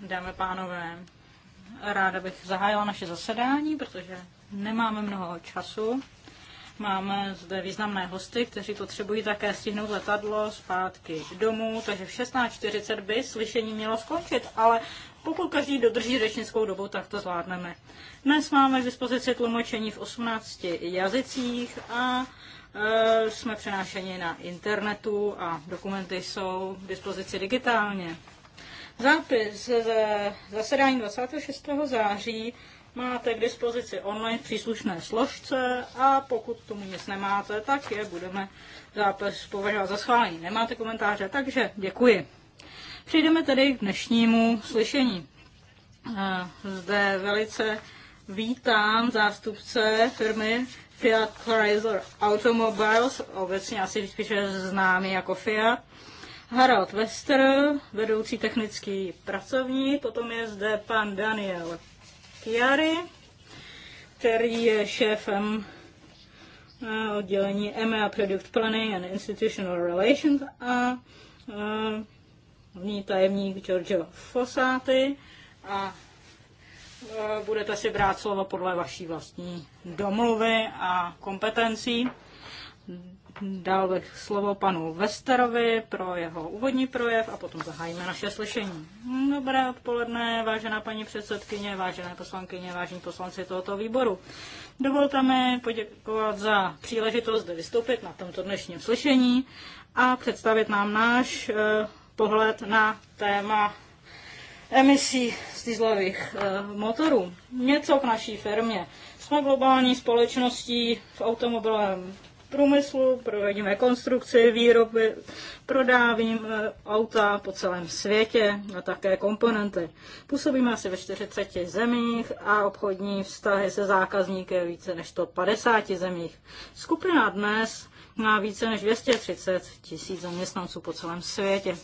Dámy a pánové, ráda bych zahájila naše zasedání, protože nemáme mnoho času. Máme zde významné hosty, kteří potřebují také stihnout letadlo zpátky domů, takže v 16.40 by slyšení mělo skončit, ale pokud každý dodrží řečnickou dobu, tak to zvládneme. Dnes máme k dispozici tlumočení v 18 jazycích a Eh, jsme přenášeni na internetu a dokumenty jsou k dispozici digitálně. Zápis ze zasedání 26. září máte k dispozici online příslušné složce a pokud tomu nic nemáte, tak je budeme zápis považovat za schválený. Nemáte komentáře, takže děkuji. Přejdeme tedy k dnešnímu slyšení. Eh, zde velice vítám zástupce firmy Fiat Chrysler Automobiles, obecně asi spíše známý jako Fiat. Harald Wester, vedoucí technický pracovník, potom je zde pan Daniel Chiari, který je šéfem eh, oddělení EMEA Product Planning and Institutional Relations a eh, hlavní tajemník Giorgio Fossati a Eh, budete si brát slovo podle vaší vlastní domluvy a kompetencí. Dal bych slovo panu Westerovi pro jeho úvodní projev a potom zahájíme naše slyšení. Dobré odpoledne, vážená paní předsedkyně, vážené poslankyně, vážení poslanci tohoto výboru. Dovolte mi poděkovat za příležitost zde vystoupit na tomto dnešním slyšení a představit nám náš eh, pohled na téma emisí z dieselových eh, motorů. Něco k naší firmě. Jsme globální společností v automobilovém průmyslu, provedíme konstrukci, výroby, prodávíme eh, auta po celém světě a také komponenty. Působíme asi ve 40 zemích a obchodní vztahy se zákazníky více než 150 zemích. Skupina dnes má více než 230 tisíc zaměstnanců po celém světě.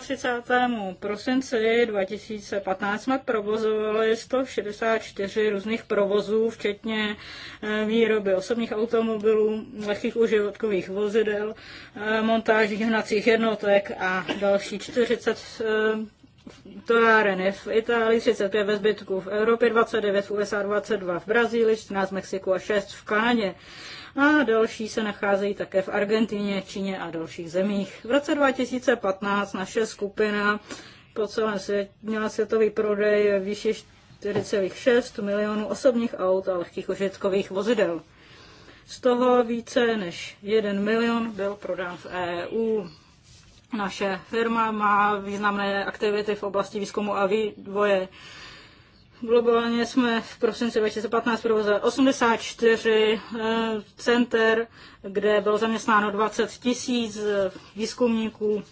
31. prosinci 2015 jsme provozovali 164 různých provozů, včetně eh, výroby osobních automobilů, lehkých uživatkových vozidel, eh, montáží hnacích jednotek a další 40 eh, továren v Itálii, 35 ve zbytku v Evropě, 29 v USA, 22 v Brazílii, 14 v Mexiku a 6 v Kanadě a další se nacházejí také v Argentině, Číně a dalších zemích. V roce 2015 naše skupina po celém světě měla světový prodej výše 4,6 milionů osobních aut a lehkých užitkových vozidel. Z toho více než 1 milion byl prodán v EU. Naše firma má významné aktivity v oblasti výzkumu a vývoje Globálně jsme v prosinci 2015 provozovali 84 eh, center, kde bylo zaměstnáno 20 tisíc eh, výzkumníků.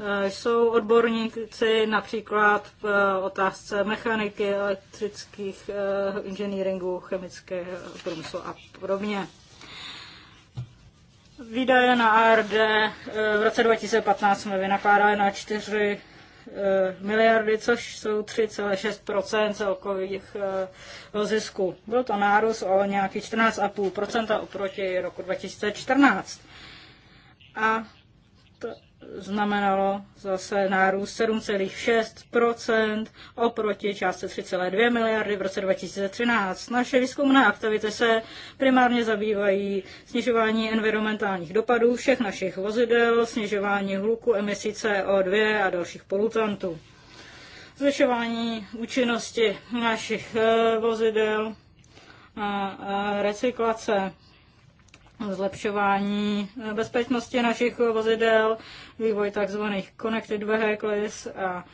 Eh, jsou odborníci například v otázce mechaniky, elektrických inženýringů, chemického průmyslu a podobně. Výdaje na ARD v roce 2015 jsme vynakládali na 4 Eh, miliardy, což jsou 3,6 celkových eh, zisků. Byl to nárůst o nějaký 14,5 oproti roku 2014. A to znamenalo zase nárůst 7,6 oproti částce 3,2 miliardy v roce 2013. Naše výzkumné aktivity se primárně zabývají snižování environmentálních dopadů všech našich vozidel, snižování hluku, emisí CO2 a dalších polutantů, zvyšování účinnosti našich eh, vozidel a recyklace zlepšování bezpečnosti našich vozidel, vývoj tzv. connected vehicles a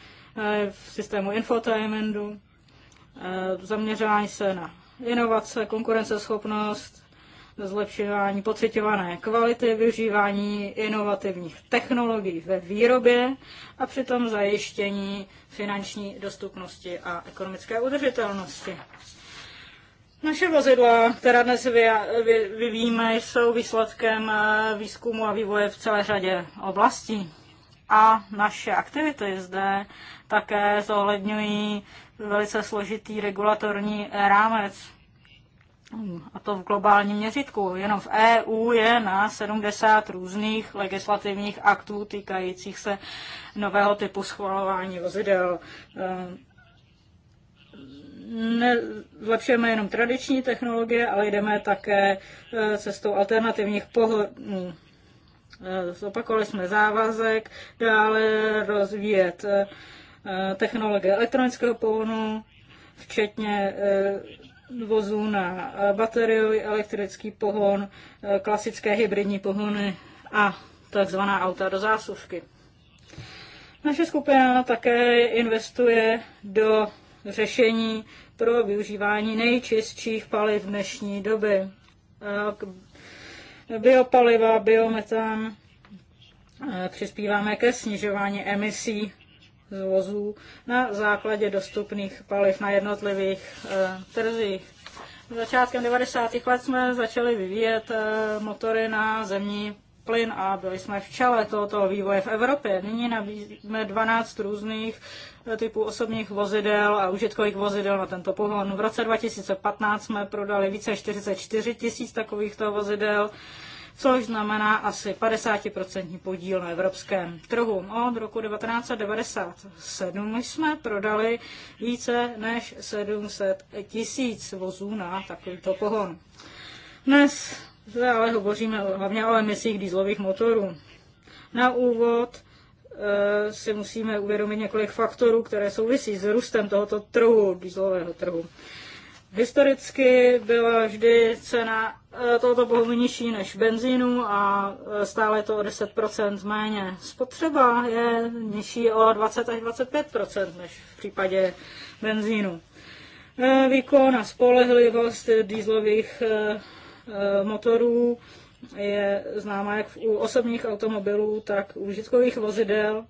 v systému infotainmentu, e, zaměřování se na inovace, konkurenceschopnost, zlepšování pocitované kvality, využívání inovativních technologií ve výrobě a přitom zajištění finanční dostupnosti a ekonomické udržitelnosti. Naše vozidla, která dnes vyvíjíme, jsou výsledkem eh, výzkumu a vývoje v celé řadě oblastí. A naše aktivity zde také zohledňují velice složitý regulatorní rámec. A to v globálním měřitku. Jenom v EU je na 70 různých legislativních aktů týkajících se nového typu schvalování vozidel eh, nezlepšujeme jenom tradiční technologie, ale jdeme také eh, cestou alternativních pohledů. Hm, eh, zopakovali jsme závazek dále rozvíjet eh, technologie elektronického pohonu, včetně vozů na bateriový elektrický pohon, klasické hybridní pohony a takzvaná auta do zásuvky. Naše skupina také investuje do řešení pro využívání nejčistších paliv dnešní doby. Biopaliva, biometan přispíváme ke snižování emisí z vozů na základě dostupných paliv na jednotlivých e, trzích. Začátkem 90. let jsme začali vyvíjet e, motory na zemní plyn a byli jsme v čele tohoto vývoje v Evropě. Nyní nabízíme 12 různých typu osobních vozidel a užitkových vozidel na tento pohon. V roce 2015 jsme prodali více 44 tisíc takovýchto vozidel, což znamená asi 50% podíl na evropském trhu. Od roku 1997 jsme prodali více než 700 tisíc vozů na takovýto pohon. Dnes zde ale hovoříme hlavně o emisích dýzlových motorů. Na úvod Eh, si musíme uvědomit několik faktorů, které souvisí s růstem tohoto trhu, dýzlového trhu. Historicky byla vždy cena eh, tohoto pohonu nižší než benzínu a eh, stále je to o 10% méně. Spotřeba je nižší o 20 až 25% než v případě benzínu. Výkon a spolehlivost dýzlových motorů je známá jak u osobních automobilů, tak u užitkových vozidel,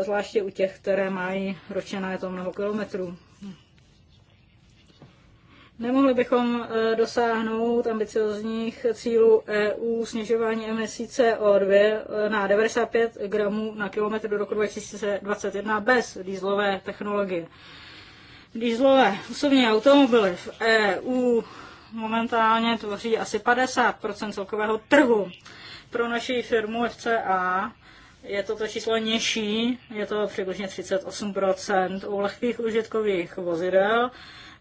zvláště u těch, které mají ročené to mnoho kilometrů. Nemohli bychom e, dosáhnout ambiciozních cílů EU snižování emisí CO2 e, na 95 gramů na kilometr do roku 2021 bez dýzlové technologie. Dýzlové osobní automobily v EU momentálně tvoří asi 50 celkového trhu. Pro naši firmu FCA je toto číslo nižší, je to přibližně 38 u lehkých užitkových vozidel.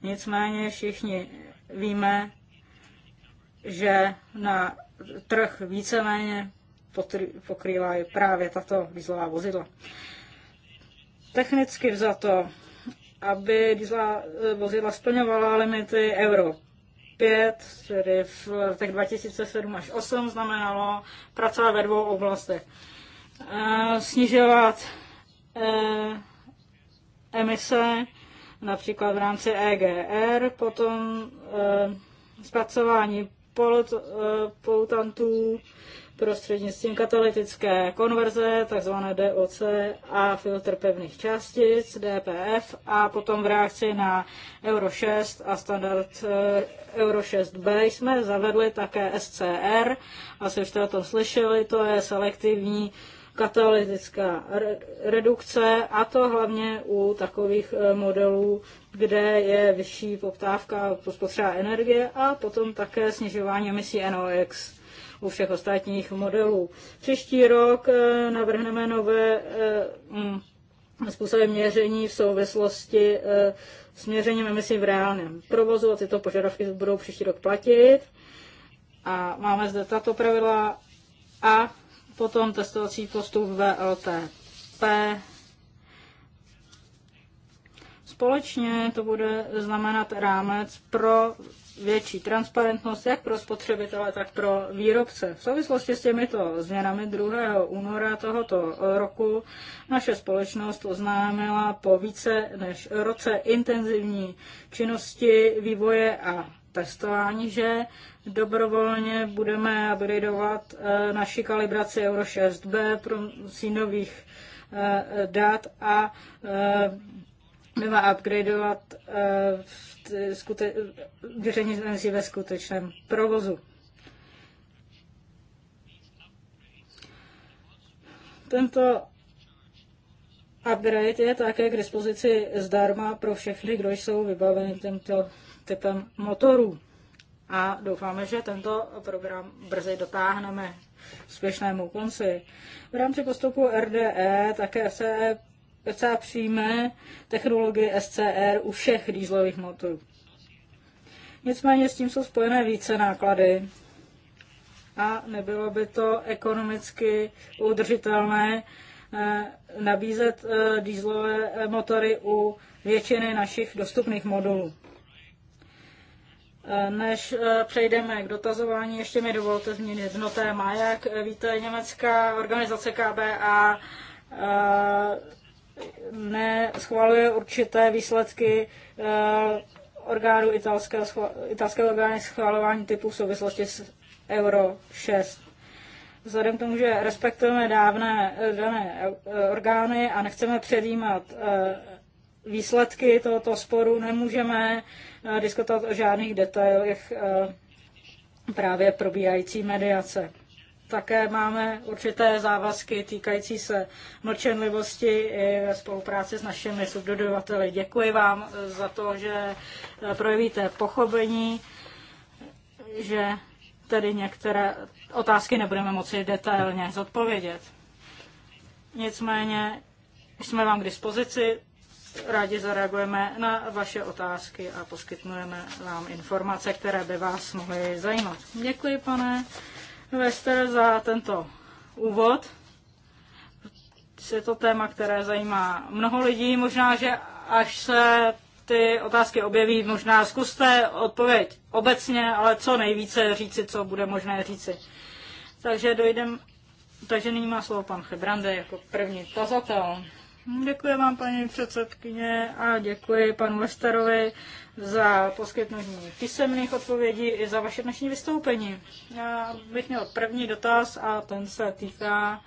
Nicméně všichni víme, že na trh víceméně pokrývá právě tato dieselová vozidla. Technicky vzato, aby dieselová eh, vozidla splňovala limity Euro 5, tedy v letech 2007 až 2008 znamenalo pracovat ve dvou oblastech. Eh, snižovat eh, emise, například v rámci EGR, potom eh, zpracování polut, prostřednictvím katalytické konverze, takzvané DOC a filtr pevných částic, DPF a potom v reakci na Euro 6 a standard eh, Euro 6b jsme zavedli také SCR, asi jste o tom slyšeli, to je selektivní katalytická redukce a to hlavně u takových eh, modelů, kde je vyšší poptávka po spotřeba energie a potom také snižování emisí NOx u všech ostatních modelů. Příští rok eh, navrhneme nové eh, mm, způsoby měření v souvislosti eh, s měřením emisí v reálném provozu a tyto požadavky budou příští rok platit. A máme zde tato pravidla a potom testovací postup VLTP. Společně to bude znamenat rámec pro větší transparentnost jak pro spotřebitele, tak pro výrobce. V souvislosti s těmito změnami 2. února tohoto roku naše společnost oznámila po více než roce intenzivní činnosti vývoje a testování, že dobrovolně budeme upgradeovat eh, naši kalibraci Euro 6b pro nových eh, dat a eh, má upgradeovat měření tenzí ve skutečném provozu. Tento upgrade je také k dispozici zdarma pro všechny, kdo jsou vybaveni tímto typem motorů. A doufáme, že tento program brzy dotáhneme k úspěšnému konci. V rámci postupu RDE také se docela přímé technologii SCR u všech dýzlových motorů. Nicméně s tím jsou spojené více náklady a nebylo by to ekonomicky udržitelné eh, nabízet eh, dýzlové motory u většiny našich dostupných modulů. Eh, než přejdeme k dotazování, ještě mi dovolte změnit jedno téma. Jak víte, německá organizace KBA ne, schvaluje určité výsledky eh, orgánu italského, italského orgánu schvalování typu v souvislosti s Euro 6. Vzhledem k tomu, že respektujeme dávné dané orgány a nechceme předjímat eh, výsledky tohoto sporu, nemůžeme eh, diskutovat o žádných detailech právě probíhající mediace také máme určité závazky týkající se mlčenlivosti i ve spolupráci s našimi subdodavateli. Děkuji vám za to, že projevíte pochopení, že tedy některé otázky nebudeme moci detailně zodpovědět. Nicméně jsme vám k dispozici, rádi zareagujeme na vaše otázky a poskytnujeme vám informace, které by vás mohly zajímat. Děkuji, pane Vester za tento úvod. Je to téma, které zajímá mnoho lidí. Možná, že až se ty otázky objeví, možná zkuste odpověď obecně, ale co nejvíce říci, co bude možné říci. Takže dojdem, takže nyní má slovo pan Chebrande jako první tazatel. Děkuji vám, paní předsedkyně, a děkuji panu Lesterovi za poskytnutí písemných odpovědí i za vaše dnešní vystoupení. Já bych měl první dotaz a ten se týká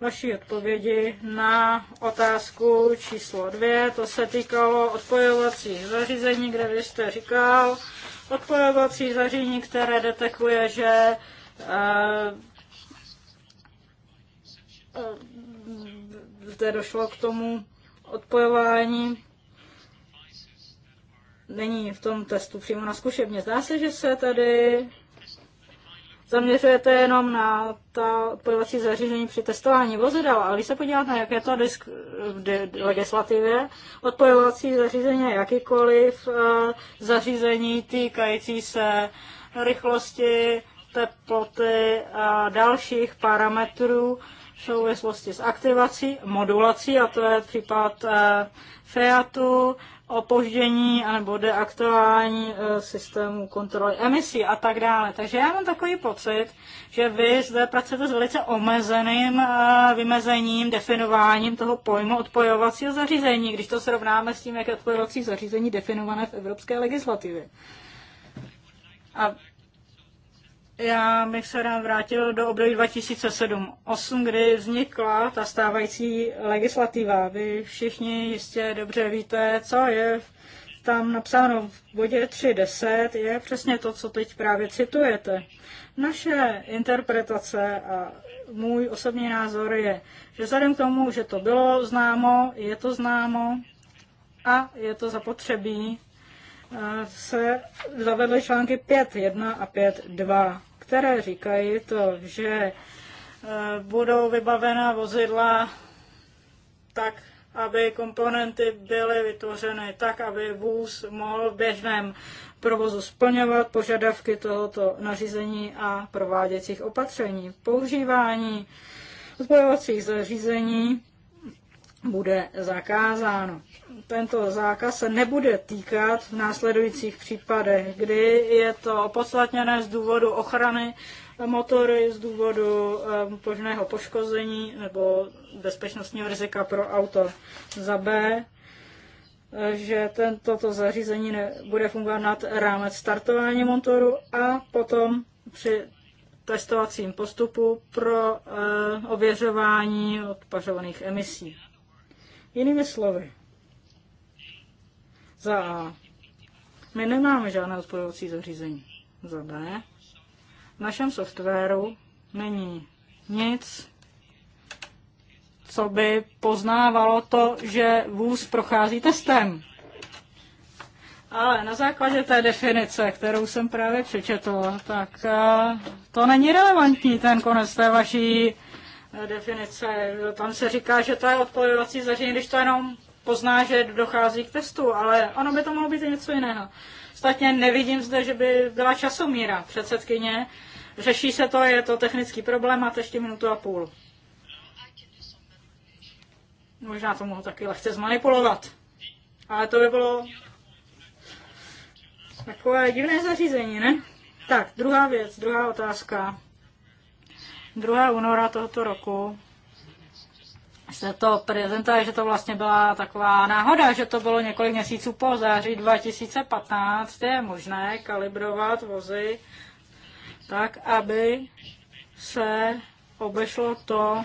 vaší odpovědi na otázku číslo dvě. To se týkalo odpojovacích zařízení, kde vy jste říkal, odpojovací zařízení, které detekuje, že e, zde došlo k tomu odpojování. Není v tom testu přímo na zkušebně. Zdá se, že se tady zaměřujete jenom na ta odpojovací zařízení při testování vozidel, ale když se podíváte, jak je to disk, v legislativě, odpojovací zařízení je jakýkoliv eh, zařízení týkající se rychlosti, teploty a dalších parametrů, souvislosti s aktivací, modulací, a to je případ eh, FEATu, opoždění anebo deaktivování eh, systému kontroly emisí a tak dále. Takže já mám takový pocit, že vy zde pracujete s velice omezeným eh, vymezením, definováním toho pojmu odpojovacího zařízení, když to srovnáme s tím, jak je odpojovací zařízení definované v evropské legislativě. A já bych se rád vrátil do období 2007-2008, kdy vznikla ta stávající legislativa. Vy všichni jistě dobře víte, co je tam napsáno v bodě 3.10, je přesně to, co teď právě citujete. Naše interpretace a můj osobní názor je, že vzhledem k tomu, že to bylo známo, je to známo a je to zapotřebí, eh, se zavedly články 5.1 a 5.2 které říkají to, že eh, budou vybavena vozidla tak, aby komponenty byly vytvořeny tak, aby vůz mohl v běžném provozu splňovat požadavky tohoto nařízení a prováděcích opatření. Používání zbojovacích zařízení bude zakázáno. Tento zákaz se nebude týkat v následujících případech, kdy je to opodstatněné z důvodu ochrany motory, z důvodu eh, možného poškození nebo bezpečnostního rizika pro auto. Za B, eh, že tento zařízení bude fungovat nad rámec startování motoru a potom při testovacím postupu pro eh, ověřování odpařovaných emisí. Jinými slovy, za A. My nemáme žádné odpojovací zařízení. Za B. V našem softwaru není nic, co by poznávalo to, že vůz prochází testem. Ale na základě té definice, kterou jsem právě přečetl, tak eh, to není relevantní ten konec té vaší definice. Tam se říká, že to je odpovědovací zařízení, když to jenom pozná, že dochází k testu, ale ono by to mohlo být i něco jiného. Ostatně nevidím zde, že by byla časomíra předsedkyně. Řeší se to, je to technický problém, máte ještě minutu a půl. Možná to mohu taky lehce zmanipulovat. Ale to by bylo takové divné zařízení, ne? Tak, druhá věc, druhá otázka. 2. února tohoto roku se to prezentuje, že to vlastně byla taková náhoda, že to bylo několik měsíců po září 2015, je možné kalibrovat vozy tak, aby se obešlo to,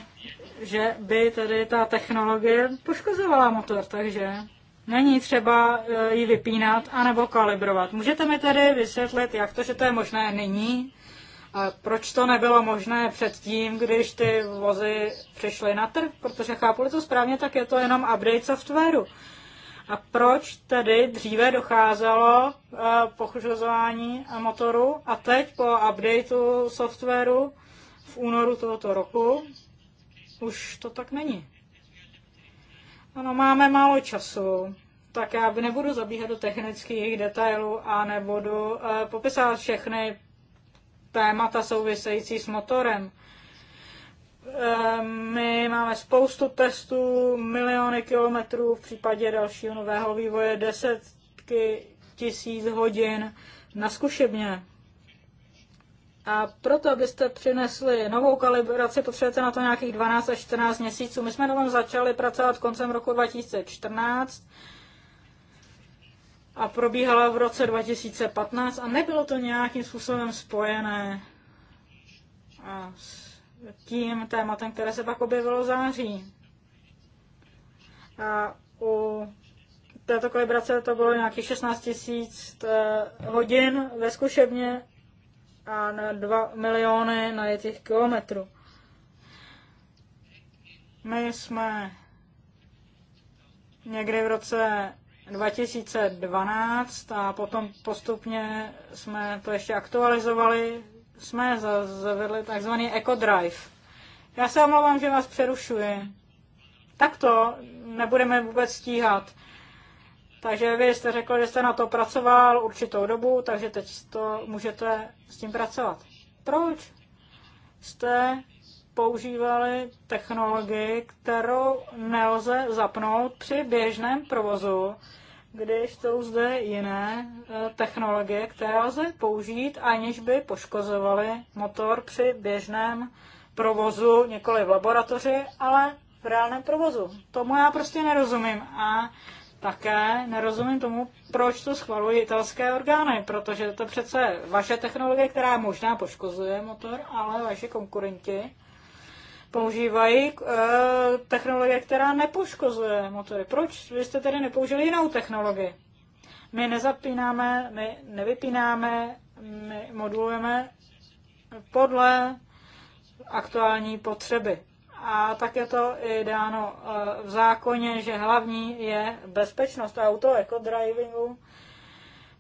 že by tedy ta technologie poškozovala motor, takže není třeba eh, ji vypínat anebo kalibrovat. Můžete mi tedy vysvětlit, jak to, že to je možné nyní, proč to nebylo možné předtím, když ty vozy přišly na trh? Protože chápu to správně, tak je to jenom update softwaru. A proč tedy dříve docházelo a eh, motoru a teď po updateu softwaru v únoru tohoto roku už to tak není? Ano, máme málo času, tak já nebudu zabíhat do technických detailů a nebudu eh, popisovat všechny témata související s motorem. Ehm, my máme spoustu testů, miliony kilometrů, v případě dalšího nového vývoje desetky tisíc hodin na zkušebně. A proto, abyste přinesli novou kalibraci, potřebujete na to nějakých 12 až 14 měsíců. My jsme na tom začali pracovat koncem roku 2014 a probíhala v roce 2015 a nebylo to nějakým způsobem spojené s tím tématem, které se pak objevilo v září. A u této kalibrace to bylo nějakých 16 tisíc eh, hodin ve zkušebně a na 2 miliony na těch kilometrů. My jsme někdy v roce 2012 a potom postupně jsme to ještě aktualizovali, jsme zavedli takzvaný EcoDrive. Já se omlouvám, že vás přerušuji. Tak to nebudeme vůbec stíhat. Takže vy jste řekl, že jste na to pracoval určitou dobu, takže teď to můžete s tím pracovat. Proč jste používali technologii, kterou nelze zapnout při běžném provozu, když to zde jiné eh, technologie, které lze použít, aniž by poškozovaly motor při běžném provozu, nikoli v laboratoři, ale v reálném provozu. Tomu já prostě nerozumím a také nerozumím tomu, proč to schvalují italské orgány, protože to přece vaše technologie, která možná poškozuje motor, ale vaše konkurenti používají eh, technologie, která nepoškozuje motory. Proč jste tedy nepoužili jinou technologii? My nezapínáme, my nevypínáme, my modulujeme podle aktuální potřeby. A tak je to i dáno eh, v zákoně, že hlavní je bezpečnost auto, jako drivingu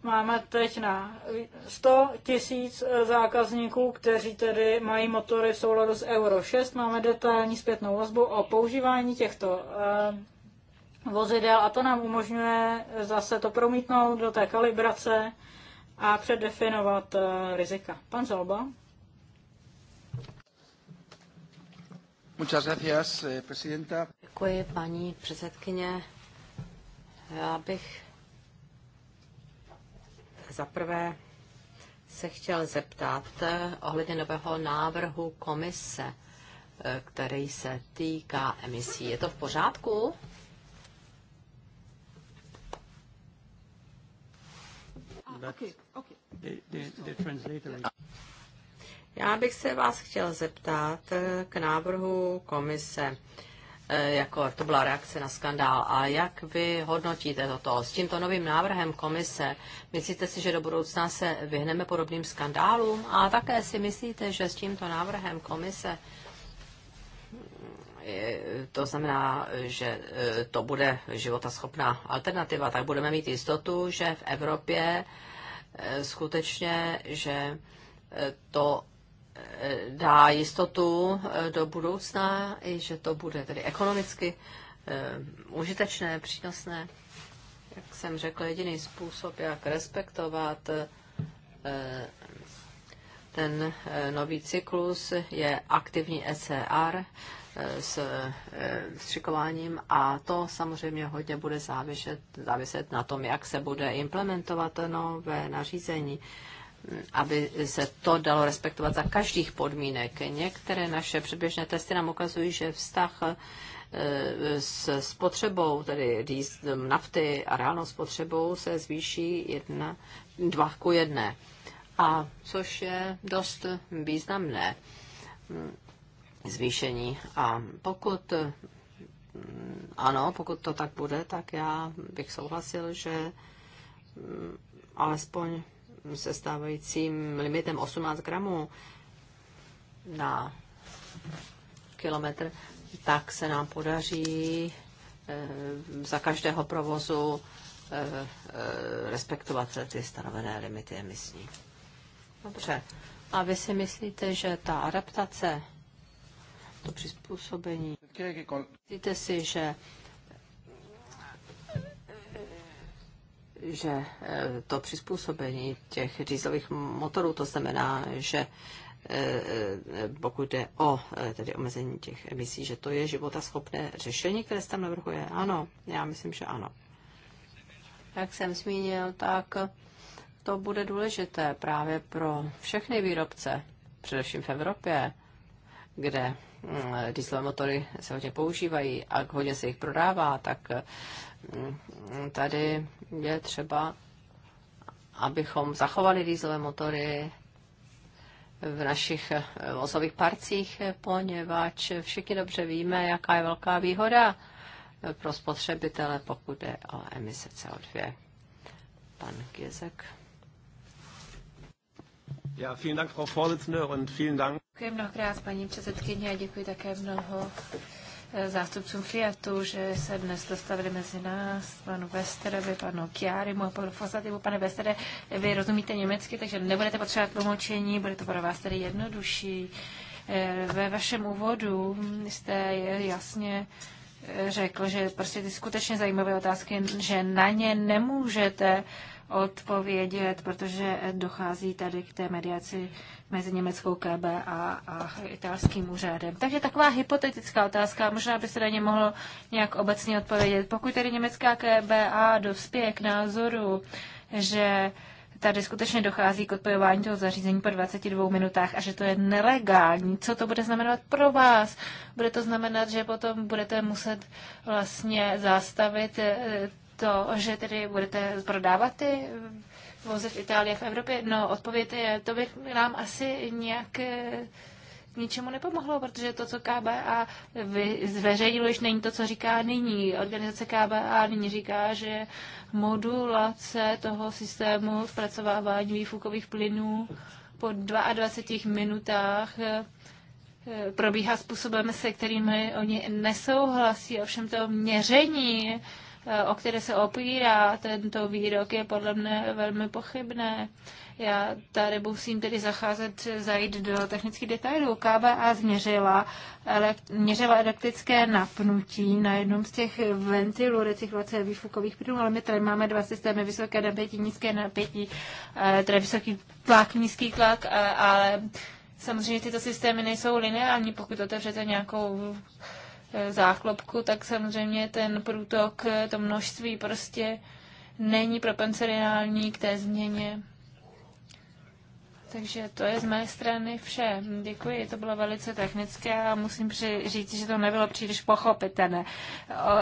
Máme teď na 100 tisíc eh, zákazníků, kteří tedy mají motory v souladu s Euro 6. Máme detailní zpětnou vazbu o používání těchto eh, vozidel a to nám umožňuje zase to promítnout do té kalibrace a předefinovat eh, rizika. Pan Zalba. Muchas gracias, presidenta. Děkuji, paní předsedkyně. Já bych za prvé se chtěl zeptat eh, ohledně nového návrhu komise, eh, který se týká emisí. Je to v pořádku? Ah, Já bych se vás chtěl zeptat eh, k návrhu komise Eh, jako to byla reakce na skandál. A jak vy hodnotíte toto? S tímto novým návrhem komise, myslíte si, že do budoucna se vyhneme podobným skandálům? A také si myslíte, že s tímto návrhem komise eh, to znamená, že eh, to bude životaschopná alternativa, tak budeme mít jistotu, že v Evropě skutečně, že to dá jistotu eh, do budoucna i že to bude tedy ekonomicky eh, užitečné, přínosné. Jak jsem řekl, jediný způsob, jak respektovat eh, ten nový cyklus je aktivní ECR s střikováním a to samozřejmě hodně bude záviset, záviset na tom, jak se bude implementovat nové nařízení aby se to dalo respektovat za každých podmínek. Některé naše předběžné testy nám ukazují, že vztah e, s spotřebou, tedy e, nafty a reálnou spotřebou, se zvýší jedna, dva ku jedné. A což je dost významné mm, zvýšení. A pokud mm, ano, pokud to tak bude, tak já bych souhlasil, že mm, alespoň se stávajícím limitem 18 gramů na kilometr, tak se nám podaří eh, za každého provozu eh, eh, respektovat ty stanovené limity emisní. Dobře. A vy si myslíte, že ta adaptace, to přizpůsobení, myslíte si, že že eh, to přizpůsobení těch dýzlových motorů, to znamená, že eh, eh, pokud jde o tedy omezení těch emisí, že to je životaschopné řešení, které se tam navrhuje? Ano, já myslím, že ano. Jak jsem zmínil, tak to bude důležité právě pro všechny výrobce, především v Evropě, kde Eh, dieselové motory se hodně používají a hodně se jich prodává, tak mm, tady je třeba, abychom zachovali dieselové motory v našich vozových eh, parcích, poněvadž všichni dobře víme, jaká je velká výhoda eh, pro spotřebitele, pokud je o emise CO2. Pan Gizek vielen Dank, Frau Vorsitzende, und vielen Dank. Děkuji mnohokrát, paní předsedkyně, a děkuji také mnoho eh, zástupcům Fiatu, že se dnes dostavili mezi nás, panu Westerovi, panu Kiarimu a panu Fosativu. Pane Westere, vy rozumíte německy, takže nebudete potřebovat tlumočení, bude to pro vás tedy jednodušší. Eh, ve vašem úvodu jste jasně eh, řekl, že prostě ty skutečně zajímavé otázky, že na ně nemůžete odpovědět, protože dochází tady k té mediaci mezi německou KB a, a italským úřadem. Takže taková hypotetická otázka, možná by se na ně mohlo nějak obecně odpovědět. Pokud tedy německá KBA dospěje k názoru, že tady skutečně dochází k odpojování toho zařízení po 22 minutách a že to je nelegální. Co to bude znamenat pro vás? Bude to znamenat, že potom budete muset vlastně zastavit eh, to, že tedy budete prodávat ty vozy v Itálii v Evropě? No, odpověď je, to by nám asi nějak eh, ničemu nepomohlo, protože to, co KBA zveřejnilo, už není to, co říká nyní. Organizace KBA nyní říká, že modulace toho systému zpracovávání výfukových plynů po 22 minutách eh, eh, probíhá způsobem, se kterými oni nesouhlasí. Ovšem to měření o které se opírá tento výrok, je podle mne velmi pochybné. Já tady musím tedy zacházet, zajít do technických detailů. KBA změřila, elekt, měřila elektrické napnutí na jednom z těch ventilů recyklace výfukových plynů, ale my tady máme dva systémy, vysoké napětí, nízké napětí, eh, tedy vysoký tlak, nízký tlak, eh, ale samozřejmě tyto systémy nejsou lineární, pokud otevřete nějakou Eh, záklopku, tak samozřejmě ten průtok, eh, to množství prostě není propenceriální k té změně. Takže to je z mé strany vše. Děkuji, to bylo velice technické a musím říct, že to nebylo příliš pochopitelné.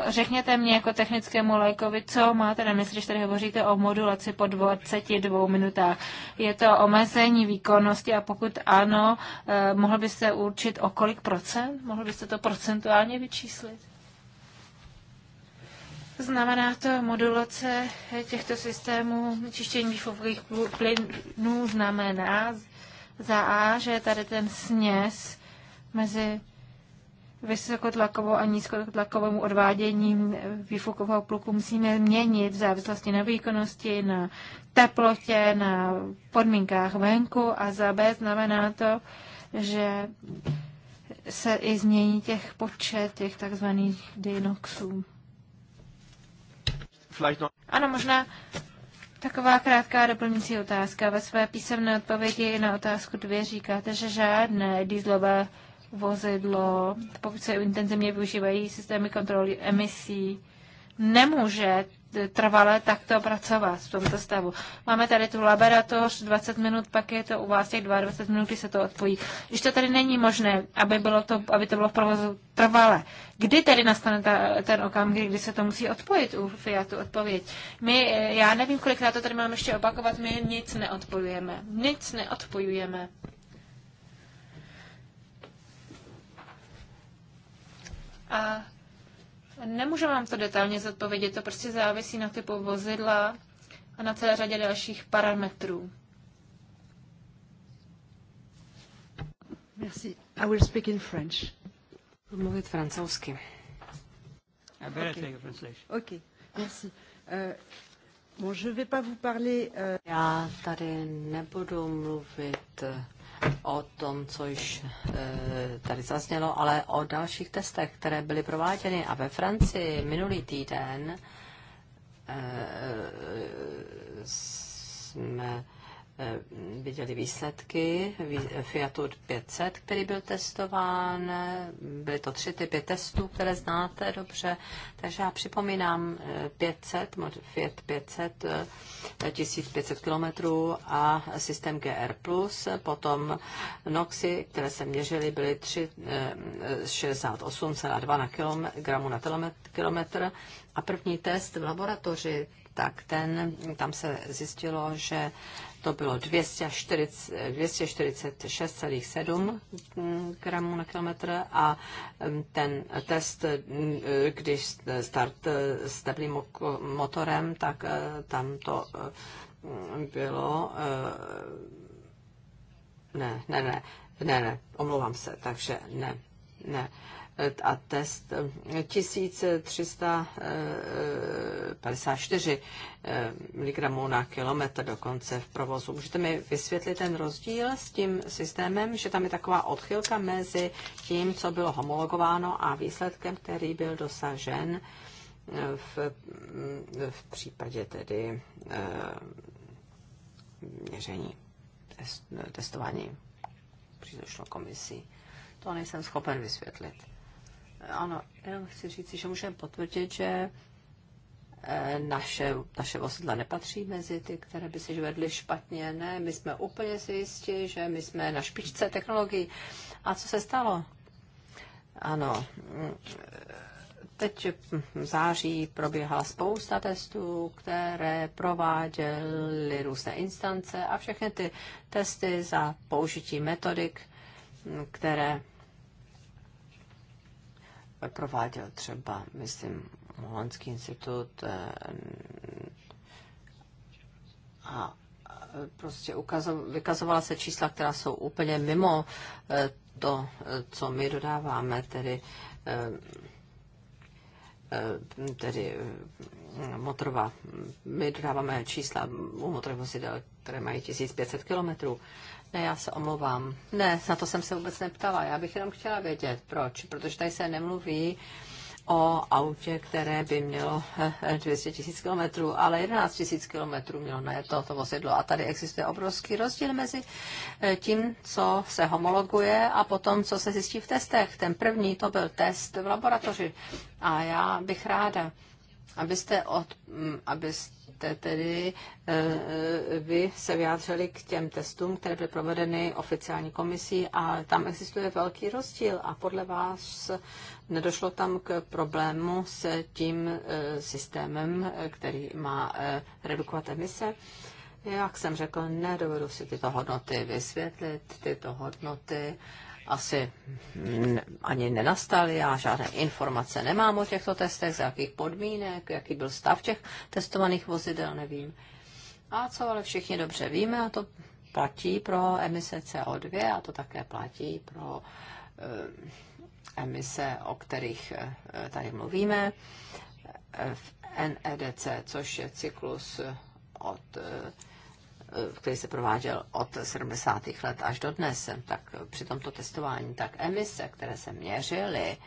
Řekněte mě jako technickému lékovi, co máte na mysli, když tady hovoříte o modulaci po 22 minutách. Je to omezení výkonnosti a pokud ano, eh, mohl byste určit o kolik procent? Mohl byste to procentuálně vyčíslit? Znamená to modulace těchto systémů čištění výfukových plynů znamená za A, že je tady ten směs mezi vysokotlakovou a nízkotlakovým odváděním výfukového pluku musíme měnit v závislosti na výkonnosti, na teplotě, na podmínkách venku a za B znamená to, že se i změní těch počet těch takzvaných dinoxů. Ano, možná taková krátká doplňující otázka. Ve své písemné odpovědi na otázku dvě říkáte, že žádné dýzlové vozidlo, pokud se intenzivně využívají systémy kontroly emisí, nemůže trvale takto pracovat v tomto stavu. Máme tady tu laboratoř, 20 minut, pak je to u vás těch 22 minut, kdy se to odpojí. Když to tady není možné, aby, bylo to, aby to bylo v provozu trvale, kdy tedy nastane ta, ten okamžik, kdy se to musí odpojit u Fiatu odpověď? My, eh, já nevím, kolikrát to tady máme ještě opakovat, my nic neodpojujeme. Nic neodpojujeme. A Nemůžu vám to detailně zodpovědět, to prostě závisí na typu vozidla a na celé řadě dalších parametrů. Merci. I will speak in French. Budu mluvit francouzsky. I better okay. take a translation. Okay. Merci. Uh, bon, je vais pas vous parler, uh... Já tady nebudu mluvit o tom, co již e, tady zaznělo, ale o dalších testech, které byly prováděny. A ve Francii minulý týden e, e, jsme Eh, viděli výsledky Fiatu 500, který byl testován. Byly to tři typy testů, které znáte dobře. Takže já připomínám 500, eh, Fiat 500, 1500 km a systém GR+, potom NOXy, které se měřily, byly 68,2 eh, na gramu na kilometr. A první test v laboratoři tak ten, tam se zjistilo, že to bylo 246,7 gramů na kilometr a ten test, když start e, s teplým motorem, tak e, tam to e, bylo... Ne, ne, ne, ne, ne, omlouvám se, takže ne, ne a test 1354 eh, eh, eh, mg na kilometr dokonce v provozu. Můžete mi vysvětlit ten rozdíl s tím systémem, že tam je taková odchylka mezi tím, co bylo homologováno a výsledkem, který byl dosažen v, mm, v případě tedy měření, test, testování příslušnou komisí. To nejsem schopen vysvětlit. Ano, jenom chci říct, že můžeme potvrdit, že eh, naše, naše vozidla nepatří mezi ty, které by se vedly špatně. Ne, my jsme úplně si jistí, že my jsme na špičce technologií. A co se stalo? Ano, mm, teď v září proběhla spousta testů, které prováděly různé instance a všechny ty testy za použití metodik, mm, které prováděl třeba, myslím, Holandský institut eh, a prostě vykazovala se čísla, která jsou úplně mimo eh, to, eh, co my dodáváme, tedy tedy motorová. My dodáváme čísla u motorových vozidel, které mají 1500 kilometrů. Ne, já se omlouvám. Ne, na to jsem se vůbec neptala. Já bych jenom chtěla vědět, proč. Protože tady se nemluví o autě, které by mělo 200 000 km, ale 11 000 km mělo na toto vozidlo. A tady existuje obrovský rozdíl mezi eh, tím, co se homologuje a potom, co se zjistí v testech. Ten první to byl test v laboratoři. A já bych ráda, abyste, od, mm, abyste tedy eh, eh, vy se vyjádřili k těm testům, které byly provedeny oficiální komisí a tam existuje velký rozdíl a podle vás nedošlo tam k problému s tím eh, systémem, který má redukovat emise? Jak jsem řekl, nedovedu si tyto hodnoty vysvětlit, tyto hodnoty asi ani nenastaly, já žádné informace nemám o těchto testech, za jakých podmínek, jaký byl stav těch testovaných vozidel, nevím. A co ale všichni dobře víme, a to platí pro emise CO2 a to také platí pro eh, emise, o kterých eh, tady mluvíme, eh, v NEDC, což je cyklus od Eh, který se prováděl od 70. let až do dnes, tak při tomto testování, tak emise, které se měřily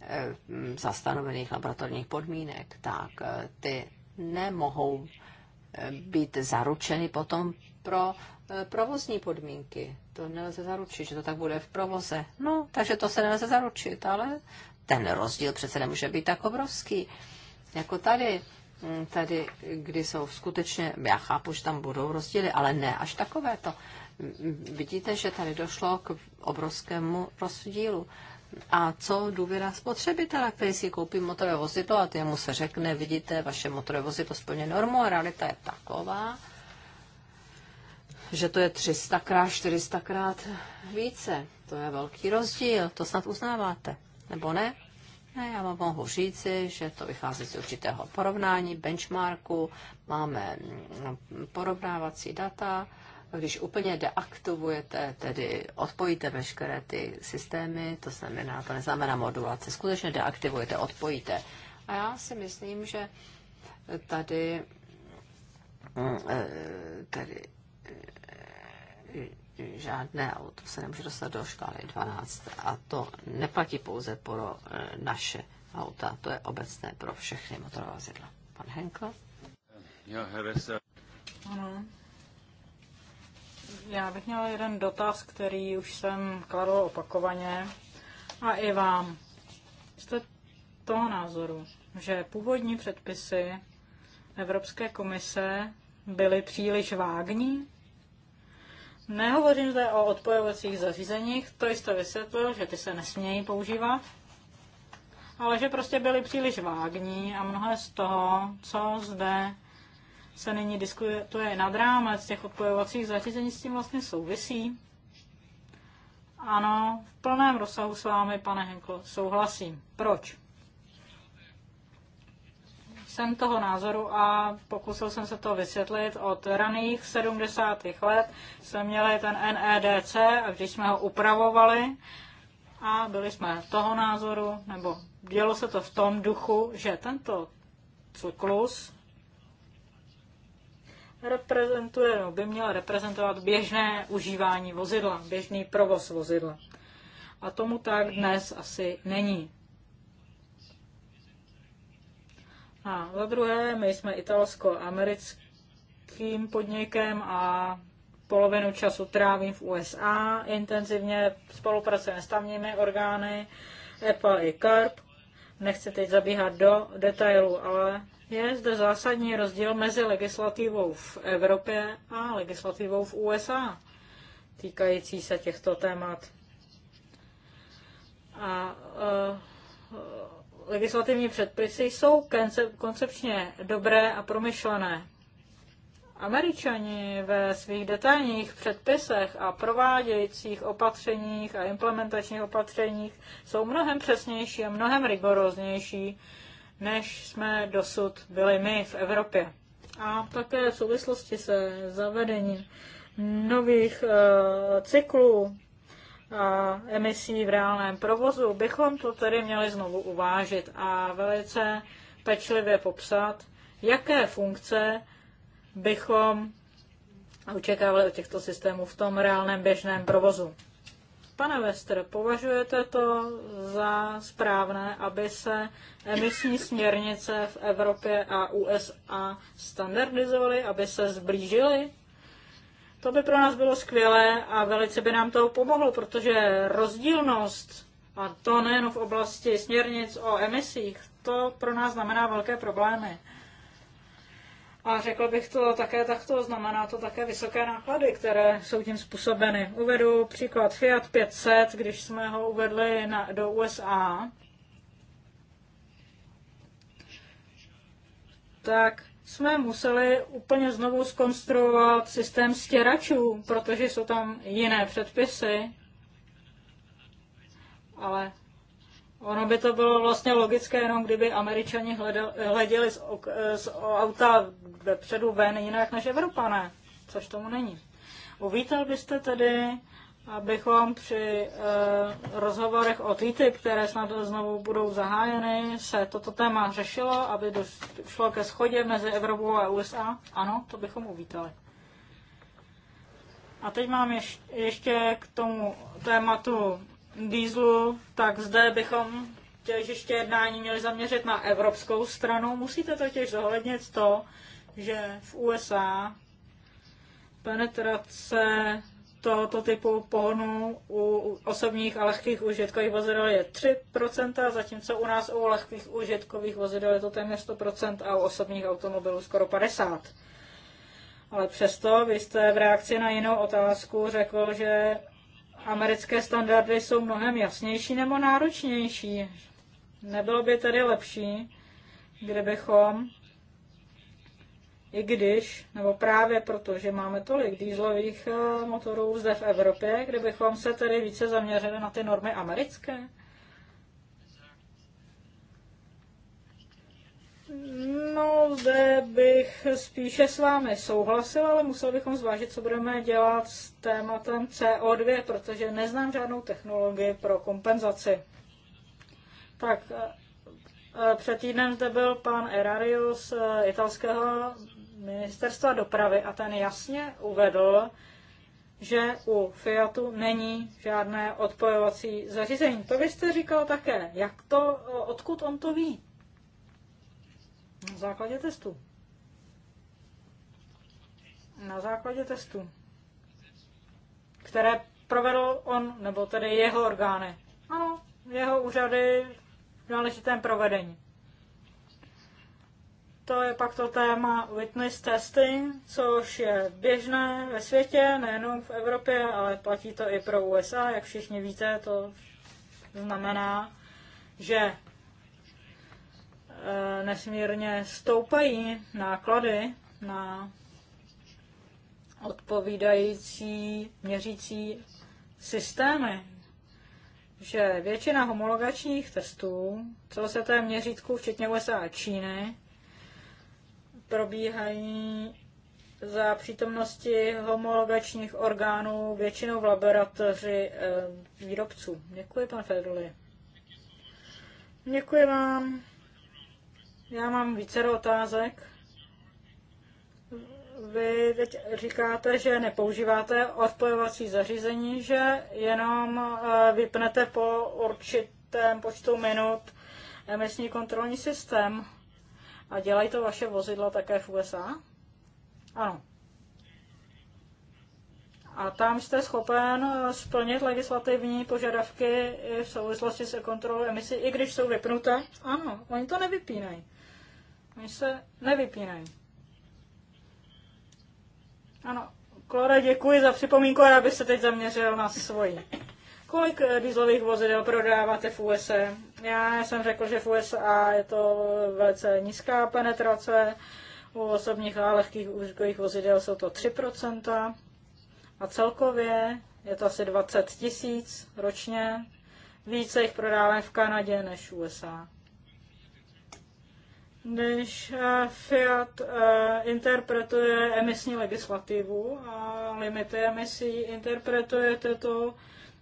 eh, za stanovených laboratorních podmínek, tak eh, ty nemohou být zaručeny potom pro provozní podmínky. To nelze zaručit, že to tak bude v provoze. No, takže to se nelze zaručit, ale ten rozdíl přece nemůže být tak obrovský. Jako tady Mm, tady, kdy jsou skutečně, já chápu, že tam budou rozdíly, ale ne až takové to. Mm, vidíte, že tady došlo k obrovskému rozdílu. A co důvěra spotřebitele, který si koupí motorové vozidlo a ty mu se řekne, vidíte, vaše motorové vozidlo splně normu a realita je taková, že to je 300 krát, 400 krát více. To je velký rozdíl, to snad uznáváte, nebo ne? ne, já vám mohu říci, že to vychází z určitého porovnání, benchmarku, máme mm, porovnávací data, když úplně deaktivujete, tedy odpojíte veškeré ty systémy, to znamená, to neznamená modulace, skutečně deaktivujete, odpojíte. A já si myslím, že tady, mm, eh, tady žádné auto se nemůže dostat do škály 12. A to neplatí pouze pro e, naše auta, to je obecné pro všechny motorová vozidla. Pan Henkl? Já, Ano. Já bych měla jeden dotaz, který už jsem kladl opakovaně. A i vám. Jste toho názoru, že původní předpisy Evropské komise byly příliš vágní? Nehovořím zde o odpojovacích zařízeních, to jste vysvětlil, že ty se nesmějí používat, ale že prostě byly příliš vágní a mnohé z toho, co zde se nyní diskutuje nad rámec těch odpojovacích zařízení, s tím vlastně souvisí. Ano, v plném rozsahu s vámi, pane Henkl, souhlasím. Proč? jsem toho názoru a pokusil jsem se to vysvětlit. Od raných 70. let jsme měli ten NEDC a když jsme ho upravovali a byli jsme toho názoru, nebo dělo se to v tom duchu, že tento cyklus reprezentuje, no, by měl reprezentovat běžné užívání vozidla, běžný provoz vozidla. A tomu tak dnes asi není. A za druhé, my jsme italsko-americkým podnikem a polovinu času trávím v USA. Intenzivně spolupracujeme s tamními orgány, EPA i CARP. Nechci teď zabíhat do detailů, ale je zde zásadní rozdíl mezi legislativou v Evropě a legislativou v USA týkající se těchto témat. A uh, uh, legislativní předpisy jsou koncepčně dobré a promyšlené. Američani ve svých detailních předpisech a provádějících opatřeních a implementačních opatřeních jsou mnohem přesnější a mnohem rigoróznější, než jsme dosud byli my v Evropě. A také v souvislosti se zavedením nových uh, cyklů emisí v reálném provozu, bychom to tedy měli znovu uvážit a velice pečlivě popsat, jaké funkce bychom očekávali od těchto systémů v tom reálném běžném provozu. Pane Vester, považujete to za správné, aby se emisní směrnice v Evropě a USA standardizovaly, aby se zblížily? To by pro nás bylo skvělé a velice by nám to pomohlo, protože rozdílnost, a to nejen v oblasti směrnic o emisích, to pro nás znamená velké problémy. A řekl bych to také takto, znamená to také vysoké náklady, které jsou tím způsobeny. Uvedu příklad Fiat 500, když jsme ho uvedli na, do USA, tak jsme museli úplně znovu skonstruovat systém stěračů, protože jsou tam jiné předpisy. Ale ono by to bylo vlastně logické, jenom kdyby američani hleděli z, ok, z auta vepředu ven jinak než Evropané, což tomu není. Uvítal byste tedy abychom při eh, rozhovorech o TTIP, které snad znovu budou zahájeny, se toto téma řešilo, aby došlo ke schodě mezi Evropou a USA? Ano, to bychom uvítali. A teď mám ještě k tomu tématu dýzlu, tak zde bychom těžiště jednání měli zaměřit na evropskou stranu. Musíte totiž zohlednit to, že v USA penetrace tohoto typu pohonu u osobních a lehkých užitkových vozidel je 3%, zatímco u nás u lehkých užitkových vozidel je to téměř 100% a u osobních automobilů skoro 50%. Ale přesto vy jste v reakci na jinou otázku řekl, že americké standardy jsou mnohem jasnější nebo náročnější. Nebylo by tedy lepší, kdybychom i když, nebo právě proto, že máme tolik dýzlových eh, motorů zde v Evropě, kdybychom se tedy více zaměřili na ty normy americké? No, zde bych spíše s vámi souhlasil, ale musel bychom zvážit, co budeme dělat s tématem CO2, protože neznám žádnou technologii pro kompenzaci. Tak, eh, eh, před týdnem zde byl pan Erarius z italského ministerstva dopravy a ten jasně uvedl, že u Fiatu není žádné odpojovací zařízení. To byste říkal také. Jak to, odkud on to ví? Na základě testu. Na základě testu, které provedl on, nebo tedy jeho orgány. Ano, jeho úřady v náležitém provedení to je pak to téma witness testing, což je běžné ve světě, nejenom v Evropě, ale platí to i pro USA, jak všichni víte, to znamená, že e, nesmírně stoupají náklady na odpovídající měřící systémy, že většina homologačních testů, co se té měřítku, včetně USA a Číny, probíhají za přítomnosti homologačních orgánů, většinou v laboratoři eh, výrobců. Děkuji, pan Federli. Děkuji vám. Já mám více otázek. Vy teď říkáte, že nepoužíváte odpojovací zařízení, že jenom eh, vypnete po určitém počtu minut emisní kontrolní systém. A dělají to vaše vozidla také v USA? Ano. A tam jste schopen eh, splnit legislativní požadavky v souvislosti se kontrolou emisí, i když jsou vypnuté? Ano, oni to nevypínají. Oni se nevypínají. Ano, Klore, děkuji za připomínku, já bych se teď zaměřil na svoji. Kolik eh, dieselových vozidel prodáváte v USA? Já jsem řekl, že v USA je to velice nízká penetrace, u osobních a lehkých úžkových vozidel jsou to 3% a celkově je to asi 20 tisíc ročně. Více jich prodáváme v Kanadě než v USA. Když eh, Fiat eh, interpretuje emisní legislativu a limity emisí, interpretujete to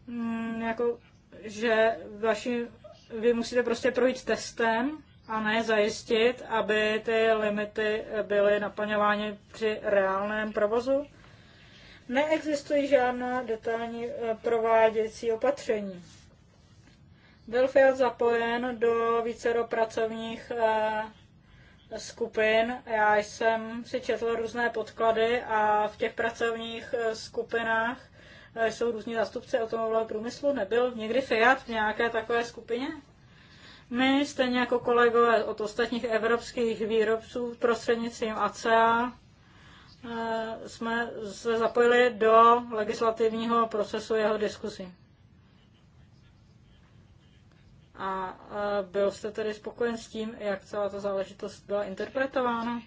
mm, jako, že vaším vy musíte prostě projít testem a ne zajistit, aby ty limity byly naplňovány při reálném provozu? Neexistují žádná detailní eh, prováděcí opatření. Byl FIAT zapojen do do pracovních eh, skupin. Já jsem si četl různé podklady a v těch pracovních eh, skupinách Eh, jsou různí zástupci automobilového průmyslu. Nebyl někdy Fiat v nějaké takové skupině? My, stejně jako kolegové od ostatních evropských výrobců prostřednictvím ACA, eh, jsme se zapojili do legislativního procesu jeho diskusí. A eh, byl jste tedy spokojen s tím, jak celá ta záležitost byla interpretována?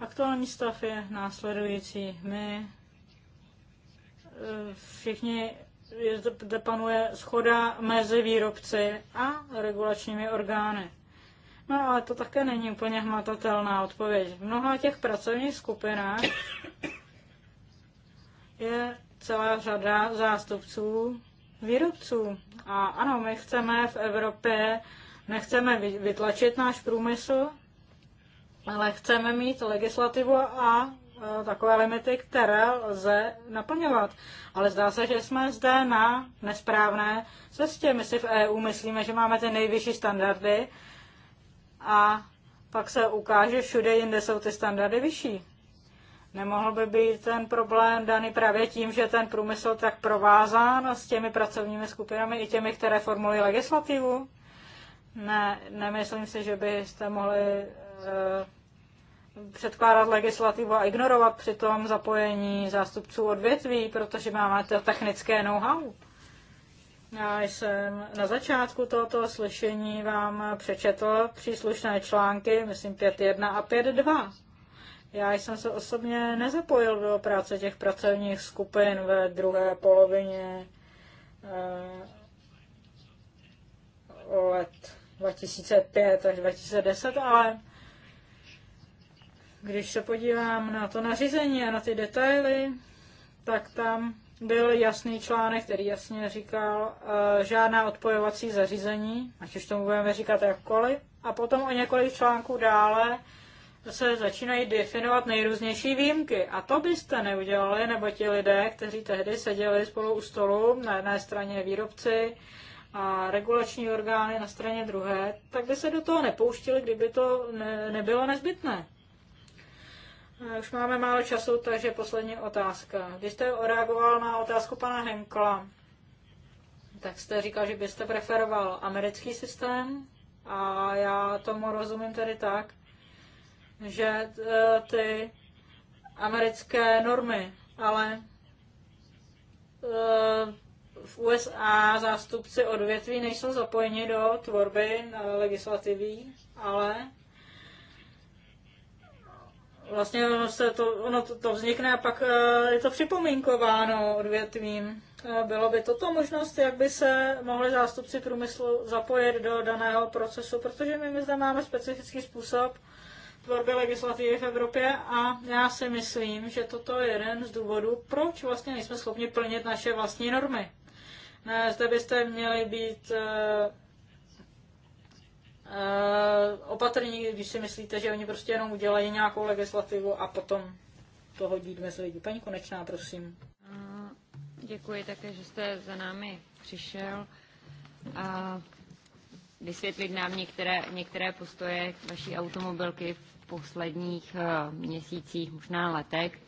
Aktuální stav je následující. My všichni zde panuje schoda mezi výrobci a regulačními orgány. No ale to také není úplně hmatatelná odpověď. V mnoha těch pracovních skupinách je celá řada zástupců výrobců. A ano, my chceme v Evropě, nechceme vytlačit náš průmysl, ale chceme mít legislativu a Eh, takové limity, které lze naplňovat. Ale zdá se, že jsme zde na nesprávné cestě. My si v EU myslíme, že máme ty nejvyšší standardy a pak se ukáže, všude jinde jsou ty standardy vyšší. Nemohl by být ten problém daný právě tím, že ten průmysl tak provázán s těmi pracovními skupinami i těmi, které formulují legislativu? Ne, nemyslím si, že byste mohli eh, předkládat legislativu a ignorovat přitom zapojení zástupců odvětví, protože máme to technické know-how. Já jsem na začátku tohoto slyšení vám přečetl příslušné články, myslím 5.1 a 5.2. Já jsem se osobně nezapojil do práce těch pracovních skupin ve druhé polovině eh, let 2005 až 2010, ale když se podívám na to nařízení a na ty detaily, tak tam byl jasný článek, který jasně říkal uh, žádná odpojovací zařízení, ať už tomu budeme říkat jakkoliv. A potom o několik článků dále se začínají definovat nejrůznější výjimky. A to byste neudělali, nebo ti lidé, kteří tehdy seděli spolu u stolu, na jedné straně výrobci a regulační orgány na straně druhé, tak by se do toho nepouštili, kdyby to ne, nebylo nezbytné. Eh, už máme málo času, takže poslední otázka. Když jste reagoval na otázku pana Henkla. Tak jste říkal, že byste preferoval americký systém a já tomu rozumím tedy tak, že eh, ty americké normy, ale eh, v USA zástupci odvětví nejsou zapojeni do tvorby legislativy, ale vlastně ono, se to, ono to, to vznikne a pak eh, je to připomínkováno odvětvím. Eh, bylo by toto možnost, jak by se mohli zástupci průmyslu zapojit do daného procesu, protože my, my zde máme specifický způsob tvorby legislativy v Evropě a já si myslím, že toto je jeden z důvodů, proč vlastně nejsme schopni plnit naše vlastní normy. Ne, zde byste měli být eh, Eh, opatrní, když si myslíte, že oni prostě jenom udělají nějakou legislativu a potom to hodí mezi lidi. Paní Konečná, prosím. Eh, děkuji také, že jste za námi přišel a vysvětlit nám některé, některé postoje vaší automobilky v posledních eh, měsících, možná letech.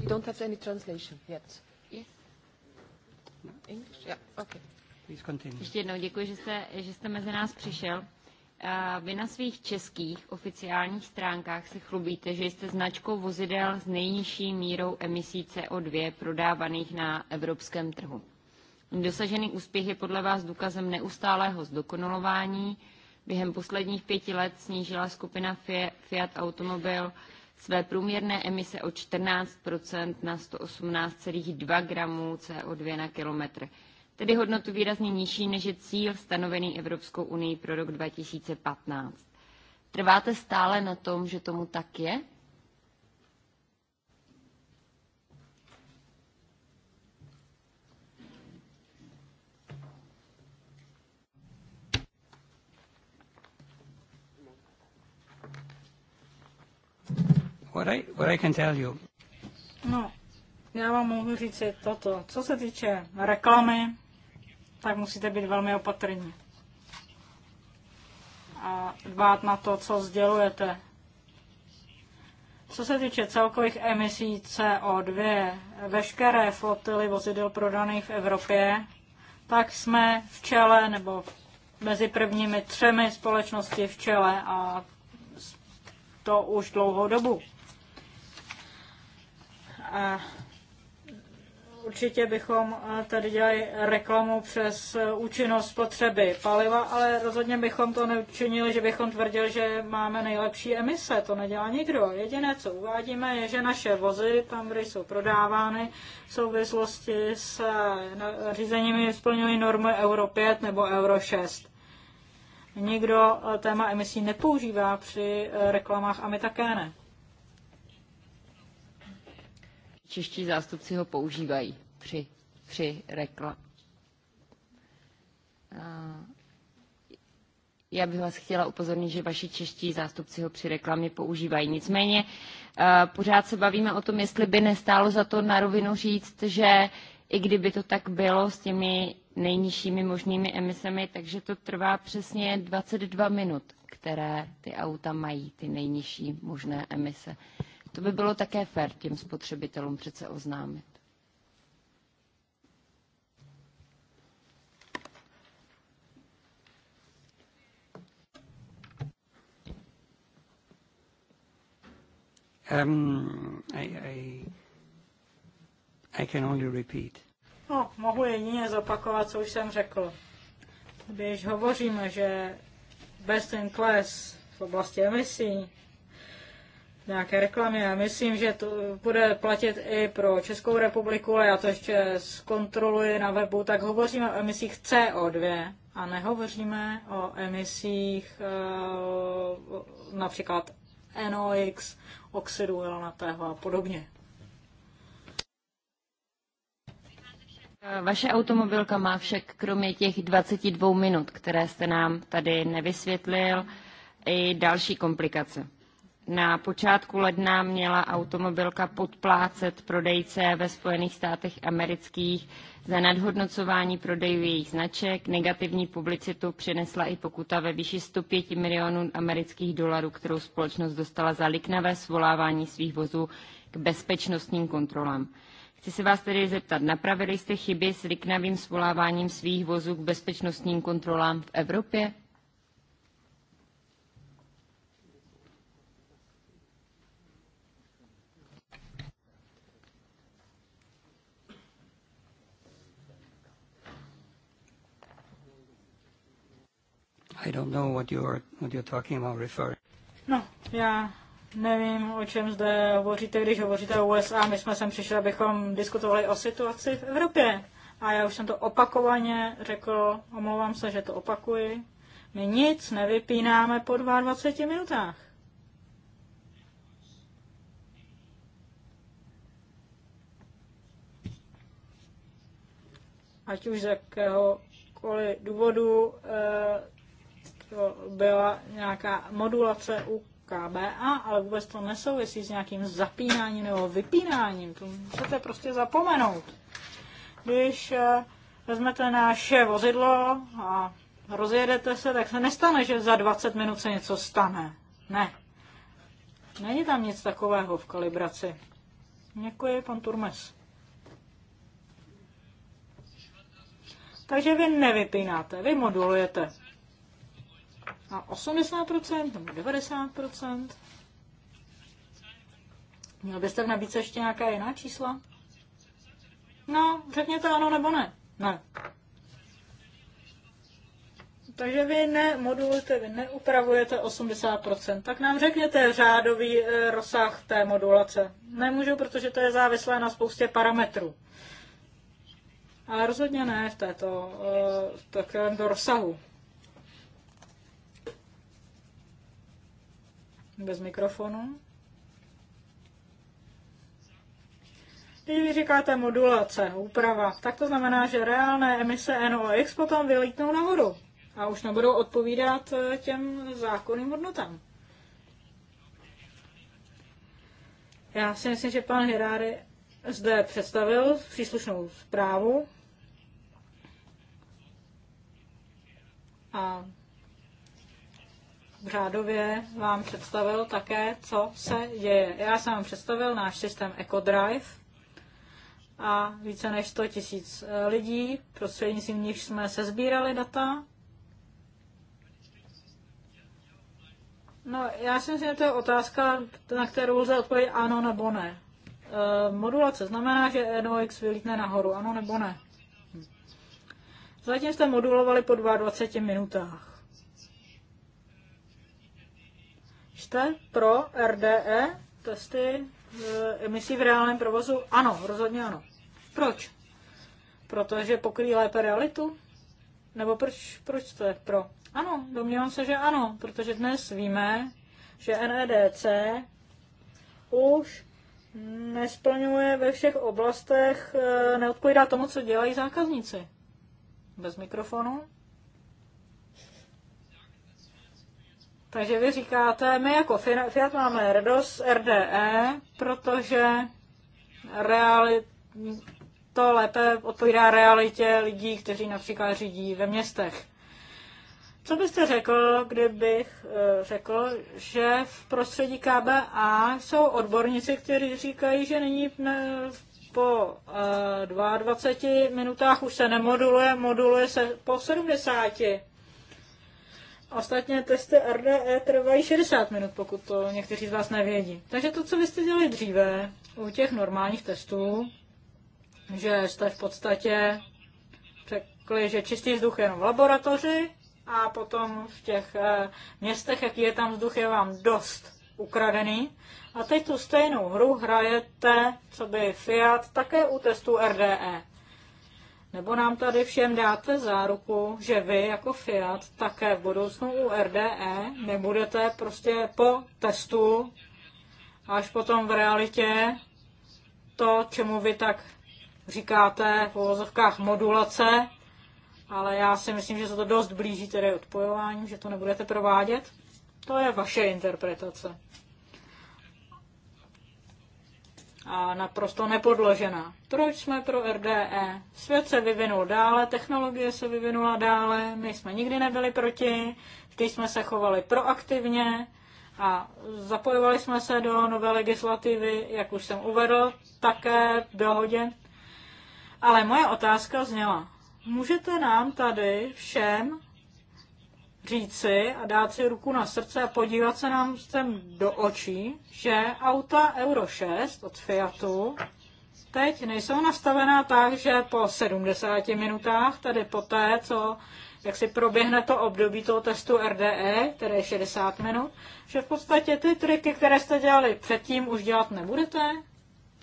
We don't have any translation yet. Yes. No, English? Yeah, okay. Ještě jednou děkuji, že jste, že jste mezi nás přišel. Vy na svých českých oficiálních stránkách se chlubíte, že jste značkou vozidel s nejnižší mírou emisí CO2 prodávaných na evropském trhu. Dosažený úspěch je podle vás důkazem neustálého zdokonalování. Během posledních pěti let snížila skupina Fiat Automobil své průměrné emise o 14 na 118,2 gramů CO2 na kilometr tedy hodnotu výrazně nižší než je cíl stanovený Evropskou unii pro rok 2015. Trváte stále na tom, že tomu tak je? What I, what I can tell you. No, já vám mohu říct toto. Co se týče reklamy, tak musíte být velmi opatrní. A dbát na to, co sdělujete. Co se týče celkových emisí CO2, veškeré flotily vozidel prodaných v Evropě, tak jsme v čele nebo mezi prvními třemi společnosti v čele a to už dlouhou dobu. A určitě bychom eh, tady dělali reklamu přes eh, účinnost spotřeby paliva, ale rozhodně bychom to neučinili, že bychom tvrdili, že máme nejlepší emise. To nedělá nikdo. Jediné, co uvádíme, je, že naše vozy, tam, kde jsou prodávány, v souvislosti s eh, řízeními splňují normy Euro 5 nebo Euro 6. Nikdo téma emisí nepoužívá při reklamách a my také ne. čeští zástupci ho používají při, při reklamě. Já bych vás chtěla upozornit, že vaši čeští zástupci ho při reklamě používají. Nicméně pořád se bavíme o tom, jestli by nestálo za to na rovinu říct, že i kdyby to tak bylo s těmi nejnižšími možnými emisemi, takže to trvá přesně 22 minut, které ty auta mají, ty nejnižší možné emise. Uh, to by bylo také fér těm spotřebitelům přece oznámit. Um, I, I, I can only repeat. No, mohu jedině zopakovat, co už jsem řekl. Když hovoříme, že best in class v oblasti emisí nějaké reklamy. Já myslím, že to bude platit i pro Českou republiku, ale já to ještě zkontroluji na webu, tak hovoříme o emisích CO2 a nehovoříme o emisích eh, například NOx, oxidu uhelnatého a podobně. Vaše automobilka má však kromě těch 22 minut, které jste nám tady nevysvětlil, i další komplikace. Na počátku ledna měla automobilka podplácet prodejce ve Spojených státech amerických za nadhodnocování prodejů jejich značek. Negativní publicitu přinesla i pokuta ve výši 105 milionů amerických dolarů, kterou společnost dostala za liknavé svolávání svých vozů k bezpečnostním kontrolám. Chci se vás tedy zeptat, napravili jste chyby s liknavým svoláváním svých vozů k bezpečnostním kontrolám v Evropě? I don't know what you're, what you're talking about referring. No, já nevím, o čem zde hovoříte, když hovoříte o USA. My jsme sem přišli, abychom diskutovali o situaci v Evropě. A já už jsem to opakovaně řekl, omlouvám se, že to opakuji. My nic nevypínáme po 22 minutách. Ať už z jakéhokoliv důvodu, eh, to byla nějaká modulace u KBA, ale vůbec to nesouvisí s nějakým zapínáním nebo vypínáním. To musíte prostě zapomenout. Když eh, vezmete naše vozidlo a rozjedete se, tak se nestane, že za 20 minut se něco stane. Ne. Není tam nic takového v kalibraci. Děkuji, pan Turmes. Takže vy nevypínáte, vy modulujete na 80% nebo 90%? Měl byste v nabídce ještě nějaká jiná čísla? No, řekněte ano nebo ne. Ne. Takže vy nemodulujete, vy neupravujete 80%. Tak nám řekněte řádový eh, rozsah té modulace. Nemůžu, protože to je závislé na spoustě parametrů. Ale rozhodně ne v, této, eh, v takovémto rozsahu. bez mikrofonu. Když vy říkáte modulace, úprava, tak to znamená, že reálné emise NOx potom vylítnou nahoru a už nebudou odpovídat eh, těm zákonným hodnotám. Já si myslím, že pan Hiráry zde představil příslušnou zprávu a řádově vám představil také, co se děje. Já jsem vám představil náš systém EcoDrive a více než 100 tisíc eh, lidí, prostřednictvím nich jsme se sbírali data. No, já si myslím, že to je otázka, na kterou lze odpovědět ano nebo ne. Eh, modulace znamená, že NOx vylítne nahoru, ano nebo ne. Zatím jste modulovali po 22 minutách. Čte pro RDE testy eh, emisí v reálném provozu? Ano, rozhodně ano. Proč? Protože pokryjí lépe realitu? Nebo proč, proč je pro? Ano, domnívám se, že ano, protože dnes víme, že NEDC už nesplňuje ve všech oblastech, eh, neodpovídá tomu, co dělají zákazníci. Bez mikrofonu. Takže vy říkáte, my jako Fiat máme RDOS, RDE, protože realit, to lépe odpovídá realitě lidí, kteří například řídí ve městech. Co byste řekl, kdybych eh, řekl, že v prostředí KBA jsou odborníci, kteří říkají, že není po 22 eh, minutách už se nemoduluje, moduluje se po 70 Ostatně testy RDE trvají 60 minut, pokud to někteří z vás nevědí. Takže to, co vy jste dělali dříve u těch normálních testů, že jste v podstatě řekli, že čistý vzduch je jenom v laboratoři a potom v těch eh, městech, jaký je tam vzduch, je vám dost ukradený. A teď tu stejnou hru hrajete, co by Fiat, také u testů RDE. Nebo nám tady všem dáte záruku, že vy jako Fiat také v budoucnu u RDE nebudete prostě po testu až potom v realitě to, čemu vy tak říkáte v uvozovkách modulace, ale já si myslím, že se to dost blíží tedy odpojování, že to nebudete provádět. To je vaše interpretace a naprosto nepodložená. Proč jsme pro RDE? Svět se vyvinul dále, technologie se vyvinula dále, my jsme nikdy nebyli proti, vždy jsme se chovali proaktivně a zapojovali jsme se do nové legislativy, jak už jsem uvedl, také v dohodě. Ale moje otázka zněla, můžete nám tady všem říci a dát si ruku na srdce a podívat se nám sem do očí, že auta Euro 6 od Fiatu teď nejsou nastavená tak, že po 70 minutách, tedy po té, co jak si proběhne to období toho testu RDE, které je 60 minut, že v podstatě ty triky, které jste dělali předtím, už dělat nebudete?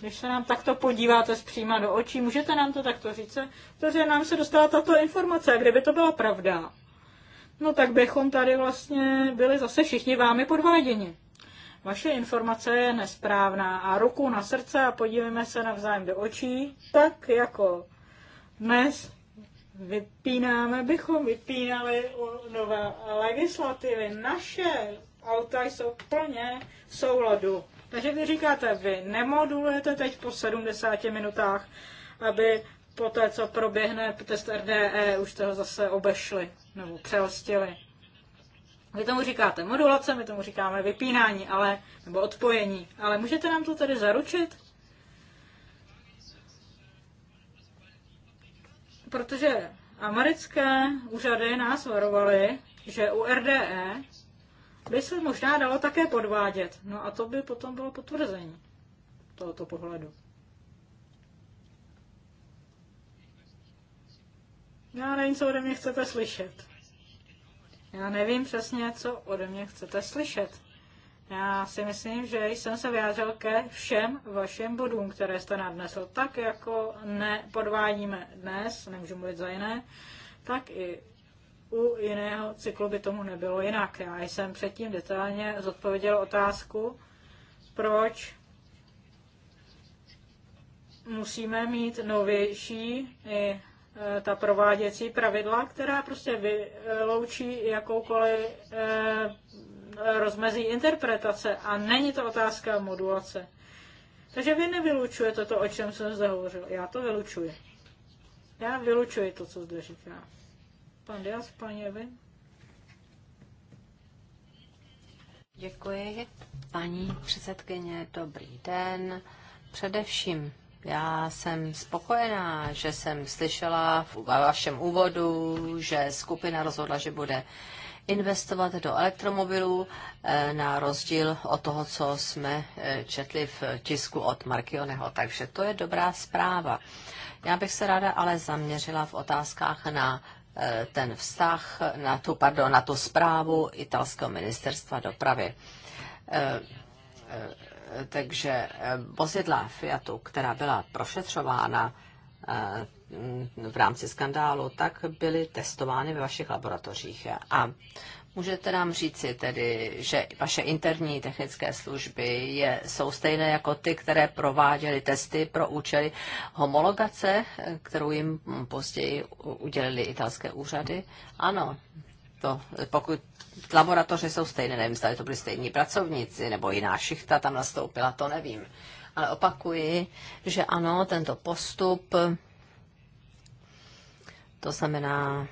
Když se nám takto podíváte zpříma do očí, můžete nám to takto říct? Protože nám se dostala tato informace, kdyby to byla pravda, no tak bychom tady vlastně byli zase všichni vámi podváděni. Vaše informace je nesprávná a ruku na srdce a podívejme se navzájem do očí, tak jako dnes vypínáme, bychom vypínali nové legislativy. Naše auta jsou plně v souladu. Takže vy říkáte, vy nemodulujete teď po 70 minutách, aby po té, co proběhne test RDE, už toho zase obešli nebo přehostili. Vy tomu říkáte modulace, my tomu říkáme vypínání, ale, nebo odpojení. Ale můžete nám to tedy zaručit? Protože americké úřady nás varovaly, že u RDE by se možná dalo také podvádět. No a to by potom bylo potvrzení tohoto pohledu. Já nevím, co ode mě chcete slyšet. Já nevím přesně, co ode mě chcete slyšet. Já si myslím, že jsem se vyjádřil ke všem vašim bodům, které jste nadnesl. Tak jako nepodvádíme dnes, nemůžu mluvit za jiné, tak i u jiného cyklu by tomu nebylo jinak. Já jsem předtím detailně zodpověděl otázku, proč musíme mít novější i Eh, ta prováděcí pravidla, která prostě vyloučí jakoukoliv eh, rozmezí interpretace a není to otázka modulace. Takže vy nevylučujete to, o čem jsem zde hovořil. Já to vylučuji. Já vylučuji to, co zde říká. Pan Dias, paní Evin. Děkuji. Paní předsedkyně, dobrý den. Především já jsem spokojená, že jsem slyšela v vašem úvodu, že skupina rozhodla, že bude investovat do elektromobilů eh, na rozdíl od toho, co jsme eh, četli v tisku od Markioneho. Takže to je dobrá zpráva. Já bych se ráda ale zaměřila v otázkách na eh, ten vztah, na tu, pardon, na tu zprávu italského ministerstva dopravy takže eh, vozidla Fiatu, která byla prošetřována eh, v rámci skandálu, tak byly testovány ve vašich laboratořích. A můžete nám říci tedy, že vaše interní technické služby je, jsou stejné jako ty, které prováděly testy pro účely homologace, eh, kterou jim později udělili italské úřady? Ano, to, pokud laboratoře jsou stejné, nevím, zda to byli stejní pracovníci nebo jiná šichta tam nastoupila, to nevím. Ale opakuji, že ano, tento postup, to znamená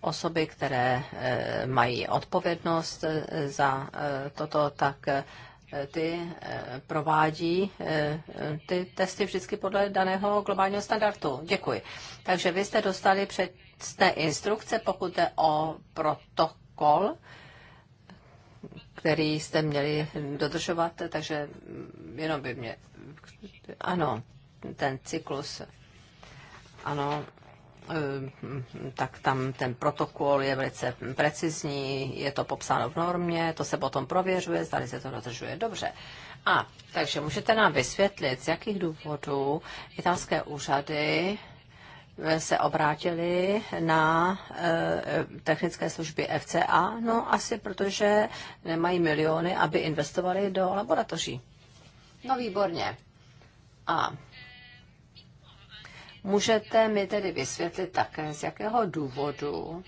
osoby, které eh, mají odpovědnost eh, za eh, toto, tak ty provádí ty testy vždycky podle daného globálního standardu. Děkuji. Takže vy jste dostali před té instrukce, pokud je o protokol, který jste měli dodržovat, takže jenom by mě... Ano, ten cyklus, ano, eh, tak tam ten protokol je velice precizní, je to popsáno v normě, to se potom prověřuje, zda se to dodržuje dobře. A, takže můžete nám vysvětlit, z jakých důvodů italské úřady se obrátili na eh, technické služby FCA, no asi protože nemají miliony, aby investovali do laboratoří. No výborně. A můžete mi tedy vysvětlit také, z jakého důvodu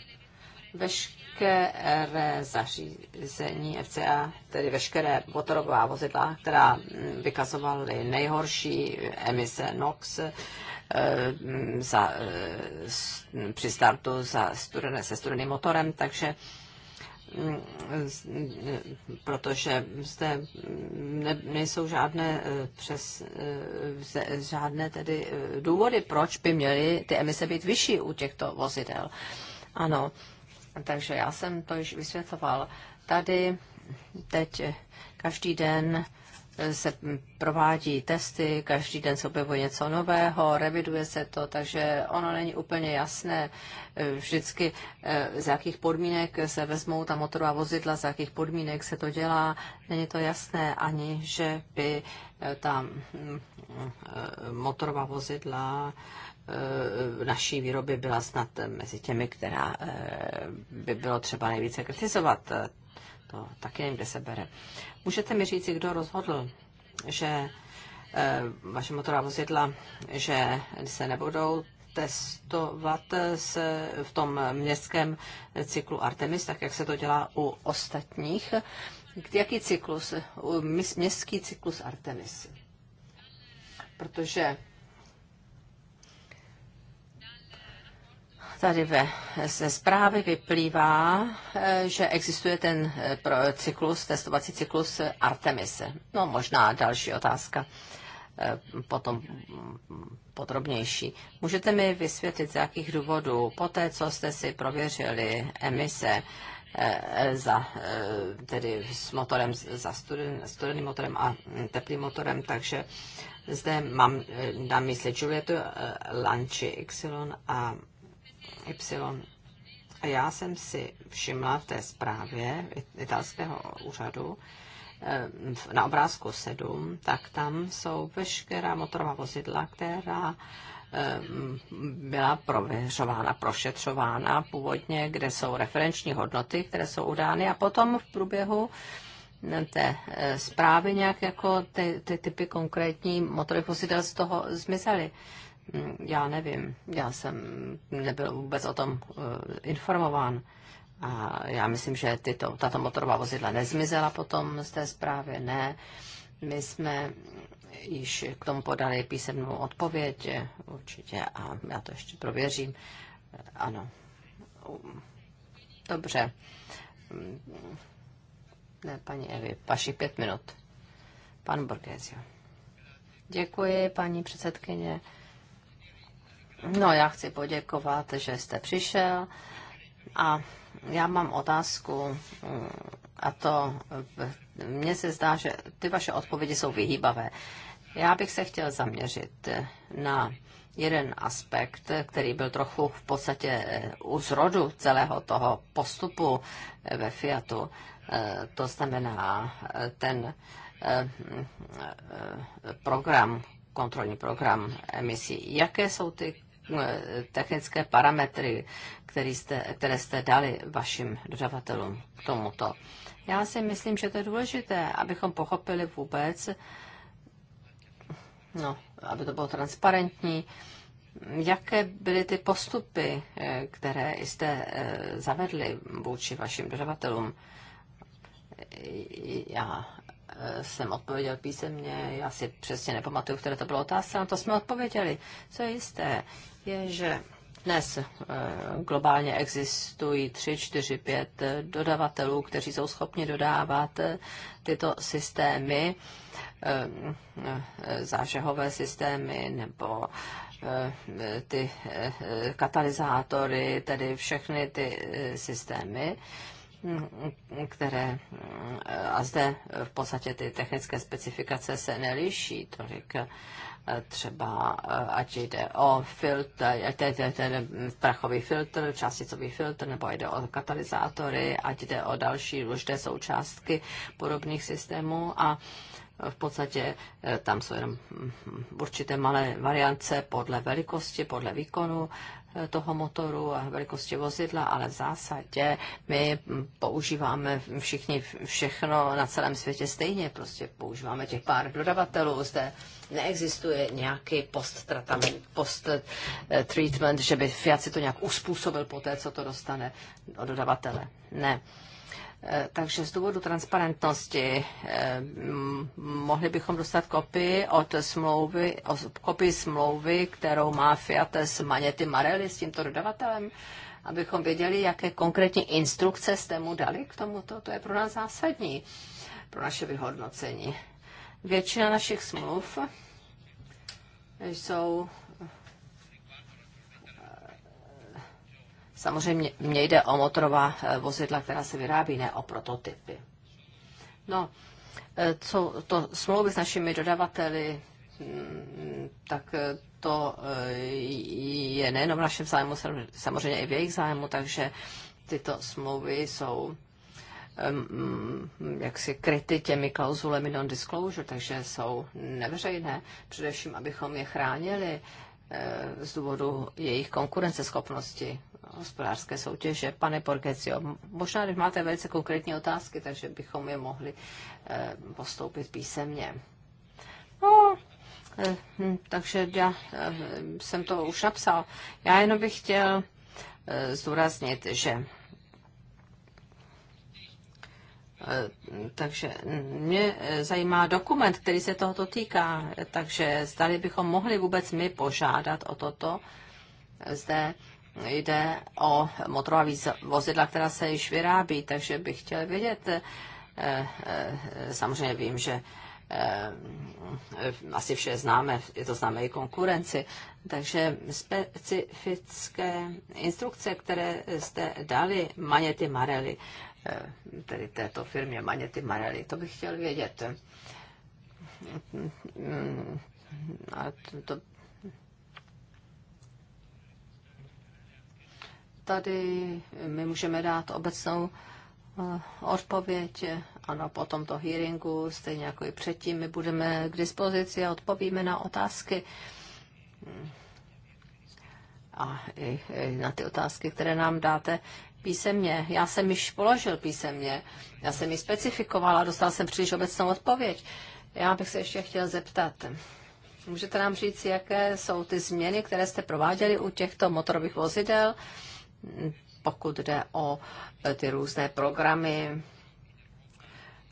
veškeré zařízení FCA, tedy veškeré motorová vozidla, která vykazovaly nejhorší emise NOx, Eh, za, eh, při startu za studené, se studeným motorem, takže mm, eh, protože zde ne, nejsou žádné přes, žádné tedy důvody, proč by měly ty emise být vyšší u těchto vozidel. Ano, takže já jsem to již vysvětloval. Tady teď každý den se provádí testy, každý den se objevuje něco nového, reviduje se to, takže ono není úplně jasné eh, vždycky, eh, z jakých podmínek se vezmou ta motorová vozidla, z jakých podmínek se to dělá. Není to jasné ani, že by eh, ta hm, motorová vozidla naší výroby byla snad mezi těmi, která by bylo třeba nejvíce kritizovat to také jim, kde se bere. Můžete mi říct, kdo rozhodl, že eh, vaše motorová vozidla, že se nebudou testovat se v tom městském cyklu Artemis, tak jak se to dělá u ostatních. Jaký cyklus? Městský cyklus Artemis. Protože Tady ve, ze zprávy vyplývá, eh, že existuje ten eh, pro cyklus, testovací cyklus Artemis. No možná další otázka eh, potom mm, podrobnější. Můžete mi vysvětlit, z jakých důvodů, po té, co jste si prověřili emise za, tedy s motorem, za studen, studeným motorem a mm, teplým motorem, takže zde mám na mysli Julietu Lanči Y a Y. A já jsem si všimla v té zprávě italského úřadu, eh, na obrázku 7, tak tam jsou veškerá motorová vozidla, která eh, byla prověřována, prošetřována původně, kde jsou referenční hodnoty, které jsou udány a potom v průběhu té eh, zprávy nějak jako ty, ty typy konkrétní motorových vozidel z toho zmizely já nevím, já jsem nebyl vůbec o tom eh, informován. A já myslím, že tyto, tato motorová vozidla nezmizela potom z té zprávy, ne. My jsme již k tomu podali písemnou odpověď, eh, určitě, a já to ještě prověřím. Eh, ano. Dobře. Mm, ne, paní Evi, vaši pět minut. Pan Borgesio. Děkuji, paní předsedkyně. No, já chci poděkovat, že jste přišel a já mám otázku mm, a to eh, mně se zdá, že ty vaše odpovědi jsou vyhýbavé. Já bych se chtěl zaměřit eh, na jeden aspekt, který byl trochu v podstatě eh, u zrodu celého toho postupu ve Fiatu. To znamená ten mm, program, kontrolní program emisí. Jaké jsou ty Eh, technické parametry, který jste, které jste dali vašim dodavatelům k tomuto. Já si myslím, že to je důležité, abychom pochopili vůbec, no, aby to bylo transparentní, jaké byly ty postupy, eh, které jste eh, zavedli vůči vašim dodavatelům. Já jsem odpověděl písemně, já si přesně nepamatuju, které to bylo otázka, na to jsme odpověděli. Co je jisté, je, že dnes eh, globálně existují 3, 4, 5 dodavatelů, kteří jsou schopni dodávat eh, tyto systémy, eh, zážehové systémy nebo ty katalyzátory, tedy všechny ty systémy které a zde v podstatě ty technické specifikace se neliší tolik třeba, ať jde o filtr, ať jde ten prachový filtr, částicový filtr, nebo jde o katalyzátory, ať jde o další různé součástky podobných systémů a v podstatě eh, tam jsou jenom mm, mm, určité malé variance podle velikosti, podle výkonu toho motoru a velikosti vozidla, ale v zásadě my používáme všichni všechno na celém světě stejně. Prostě používáme těch pár dodavatelů zde neexistuje nějaký post-treatment, post že by Fiat si to nějak uspůsobil po té, co to dostane od dodavatele. Ne. Eh, takže z důvodu transparentnosti eh, mohli bychom dostat kopii od smlouvy, kopii smlouvy, kterou má Fiat s Manety Marelli, s tímto dodavatelem, abychom věděli, jaké konkrétní instrukce jste mu dali k tomuto. To je pro nás zásadní, pro naše vyhodnocení. Většina našich smluv jsou Samozřejmě mě jde o motorová eh, vozidla, která se vyrábí, ne o prototypy. No, eh, co to smlouvy s našimi dodavateli, mm, tak eh, to je nejenom v našem zájmu, samozřejmě i v jejich zájmu, takže tyto smlouvy jsou mm, jaksi kryty těmi klauzulemi non-disclosure, takže jsou neveřejné, především abychom je chránili z důvodu jejich konkurenceschopnosti hospodářské soutěže. Pane Porgecio, možná, když máte velice konkrétní otázky, takže bychom je mohli eh, postoupit písemně. No, eh, hm, takže já eh, jsem to už napsal. Já jenom bych chtěl zdůraznit, že takže mě zajímá dokument, který se tohoto týká, takže zdali bychom mohli vůbec my požádat o toto zde jde o motorová vozidla, která se již vyrábí, takže bych chtěl vědět, eh, eh, samozřejmě vím, že eh, asi vše známe, je to známe i konkurenci, takže specifické instrukce, které jste dali Manety Marely, tedy této firmě Manety Marely, to bych chtěl vědět. Mm, mm, a to, to tady my můžeme dát obecnou eh, odpověď, ano, po tomto hearingu, stejně jako i předtím, my budeme k dispozici a odpovíme na otázky. A i, i na ty otázky, které nám dáte písemně. Já jsem již položil písemně, já jsem ji specifikovala, dostal jsem příliš obecnou odpověď. Já bych se ještě chtěl zeptat. Můžete nám říct, jaké jsou ty změny, které jste prováděli u těchto motorových vozidel? pokud jde o eh, ty různé programy,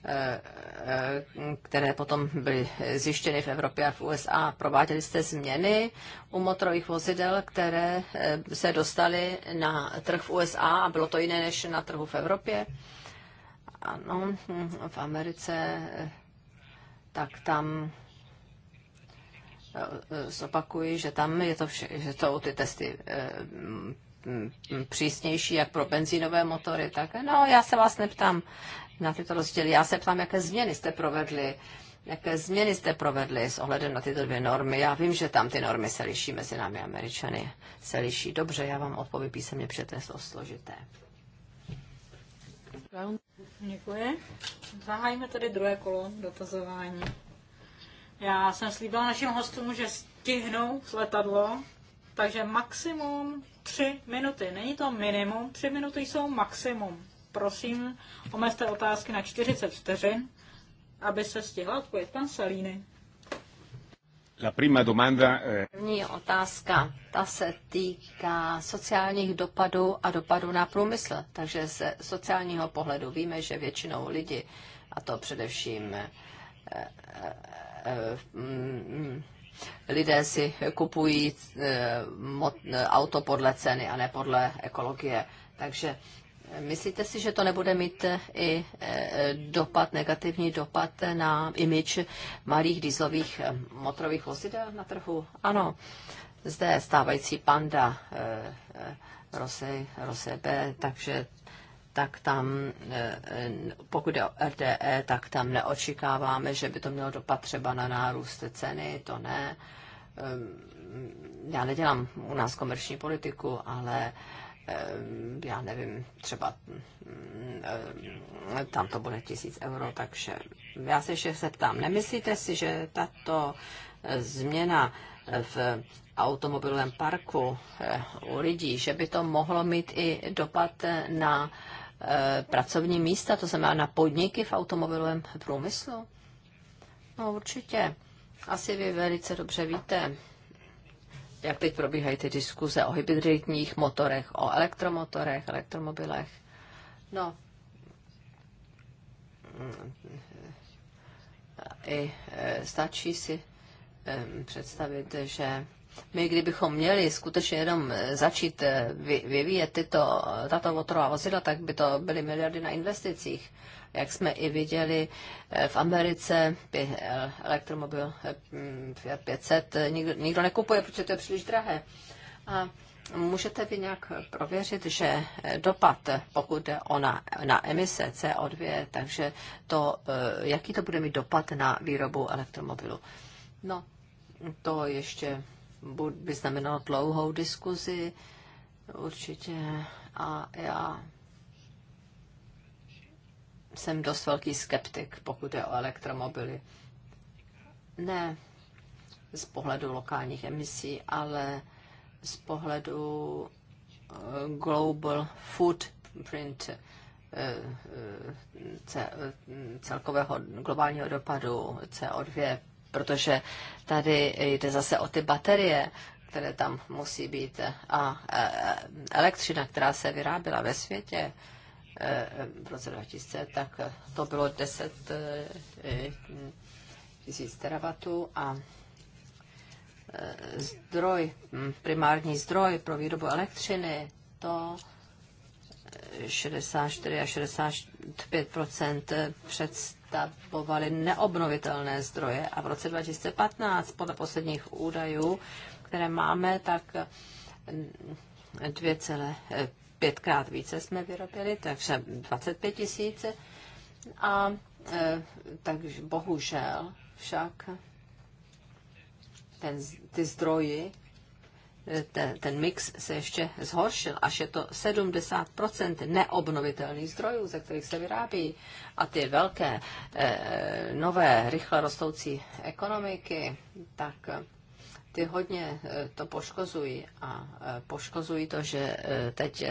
eh, eh, které potom byly zjištěny v Evropě a v USA. Prováděli jste změny u motorových vozidel, které se dostaly na trh v USA a bylo to jiné než na trhu v Evropě? Ano, v Americe, tak tam zopakuji, že tam je to vše, že to ty testy Mm, mm, přísnější jak pro benzínové motory, tak no, já se vás neptám na tyto rozdíly, já se ptám, jaké změny jste provedli, jaké změny jste provedli s ohledem na tyto dvě normy. Já vím, že tam ty normy se liší mezi námi Američany, se liší. Dobře, já vám odpovím písemně, protože to je složité. Děkuji. Zahájíme tedy druhé kolo dotazování. Já jsem slíbila našim hostům, že stihnou letadlo, takže maximum tři minuty. Není to minimum, tři minuty jsou maximum. Prosím, omezte otázky na 40 vteřin, aby se stihla odpověď pan Salíny. La prima domanda... Eh, První otázka, ta se týká sociálních dopadů a dopadů na průmysl. Takže ze sociálního pohledu víme, že většinou lidi, a to především eh, eh, mm, mm, lidé si kupují eh, eh, auto podle ceny a ne podle ekologie. Takže eh, myslíte si, že to nebude mít i dopad, negativní dopad na imič malých dýzlových motorových vozidel na trhu? Ano, zde stávající panda Rose, Rose B, takže tak tam, e, e, pokud je o RDE, tak tam neočekáváme, že by to mělo dopad třeba na nárůst ceny, to ne. Ehm, já nedělám u nás komerční politiku, ale ehm, já nevím, třeba ehm, tam to bude tisíc euro, takže já se ještě se ptám, nemyslíte si, že tato změna v automobilovém parku eh, u lidí, že by to mohlo mít i dopad na Eh, pracovní místa, to znamená na podniky v automobilovém průmyslu? No určitě. Asi vy velice dobře víte, jak teď probíhají ty diskuze o hybridních motorech, o elektromotorech, elektromobilech. No, i eh, stačí si eh, představit, že my kdybychom měli skutečně jenom eh, začít eh, vyvíjet tyto, eh, tato motorová vozidla, tak by to byly miliardy na investicích. Jak jsme i viděli v Americe, elektromobil 500 nikdo, nikdo nekupuje, protože to je příliš drahé. A můžete vy nějak prověřit, že dopad, pokud jde o na, na emise CO2, takže to, jaký to bude mít dopad na výrobu elektromobilu? No, to ještě by znamenalo dlouhou diskuzi určitě a já jsem dost velký skeptik, pokud je o elektromobily. Ne z pohledu lokálních emisí, ale z pohledu eh, global footprint eh, eh, celkového globálního dopadu CO2 protože tady jde zase o ty baterie, které tam musí být a e, elektřina, která se vyráběla ve světě e, v roce 2000, tak to bylo 10 e, tisíc teravatů a zdroj, primární zdroj pro výrobu elektřiny, to 64 a 65 představovaly neobnovitelné zdroje a v roce 2015 podle posledních údajů, které máme, tak 2,5 krát více jsme vyrobili, takže 25 tisíc. A e, takže bohužel však ten, ty zdroji ten, ten mix se ještě zhoršil, až je to 70 neobnovitelných zdrojů, ze kterých se vyrábí. A ty velké, eh, nové, rychle rostoucí ekonomiky, tak eh, ty hodně eh, to poškozují a eh, poškozují to, že teď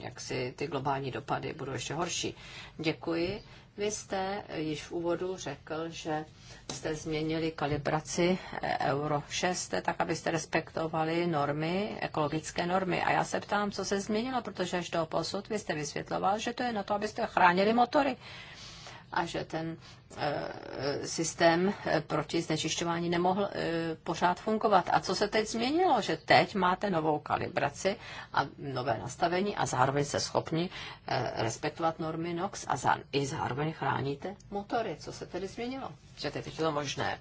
jak si ty globální dopady budou ještě horší. Děkuji. Vy jste již v úvodu řekl, že jste změnili kalibraci eh, Euro 6, eh, tak abyste respektovali normy, ekologické normy. A já se ptám, co se změnilo, protože až do posud vy jste vysvětloval, že to je na to, abyste chránili motory a že ten eh, systém eh, proti znečišťování nemohl eh, pořád fungovat. A co se teď změnilo? Že teď máte novou kalibraci a nové nastavení a zároveň se schopni respektovat normy NOx a za, i zároveň chráníte motory. Co se tedy změnilo? Že teď je to možné?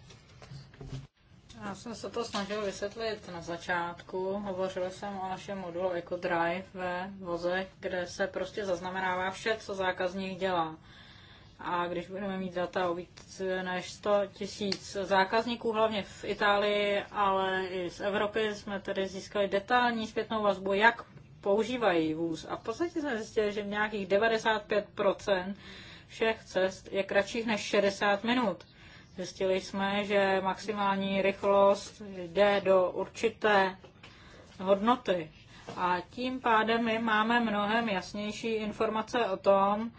Já jsem se to snažil vysvětlit na začátku. Hovořil jsem o našem modulu EcoDrive ve vozech, kde se prostě zaznamenává vše, co zákazník dělá. A když budeme mít data o více než 100 tisíc zákazníků, hlavně v Itálii, ale i z Evropy, jsme tedy získali detailní zpětnou vazbu, jak používají vůz. A v podstatě jsme zjistili, že nějakých 95% všech cest je kratších než 60 minut. Zjistili jsme, že maximální rychlost jde do určité hodnoty. A tím pádem my máme mnohem jasnější informace o tom,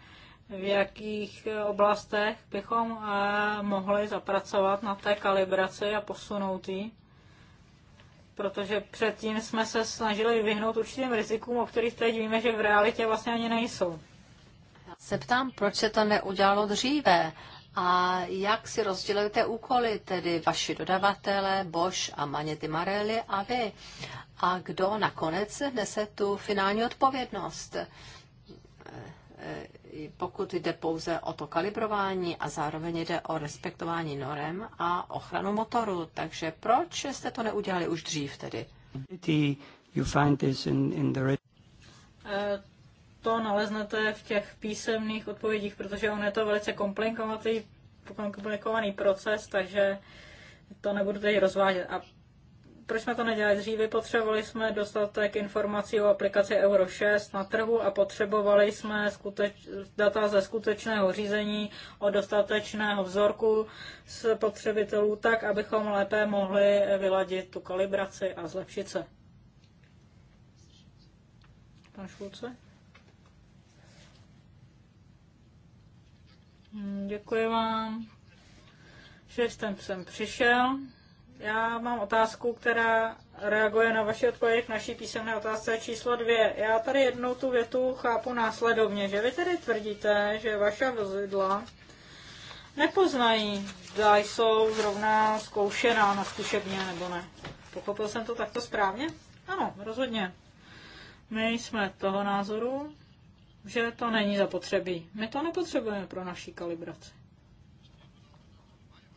v jakých oblastech bychom eh, mohli zapracovat na té kalibraci a posunout ji. Protože předtím jsme se snažili vyhnout určitým rizikům, o kterých teď víme, že v realitě vlastně ani nejsou. se ptám, proč se to neudělalo dříve? A jak si rozdělujete úkoly, tedy vaši dodavatele, Bosch a Manety Marelli a vy? A kdo nakonec nese tu finální odpovědnost? Eh, eh, pokud jde pouze o to kalibrování a zároveň jde o respektování norem a ochranu motoru. Takže proč jste to neudělali už dřív tedy? E, to naleznete v těch písemných odpovědích, protože on je to velice komplikovaný, komplikovaný proces, takže to nebudu teď rozvádět. A proč jsme to nedělali dříve? Potřebovali jsme dostatek informací o aplikaci Euro 6 na trhu a potřebovali jsme skuteč, data ze skutečného řízení o dostatečného vzorku z potřebitelů tak, abychom lépe mohli vyladit tu kalibraci a zlepšit se. Pan Šulce? Hm, děkuji vám, že jste sem přišel. Já mám otázku, která reaguje na vaši odpověď k naší písemné otázce číslo dvě. Já tady jednou tu větu chápu následovně, že vy tedy tvrdíte, že vaše vozidla nepoznají, zda jsou zrovna zkoušená na zkušebně nebo ne. Pochopil jsem to takto správně? Ano, rozhodně. My jsme toho názoru, že to není zapotřebí. My to nepotřebujeme pro naší kalibraci.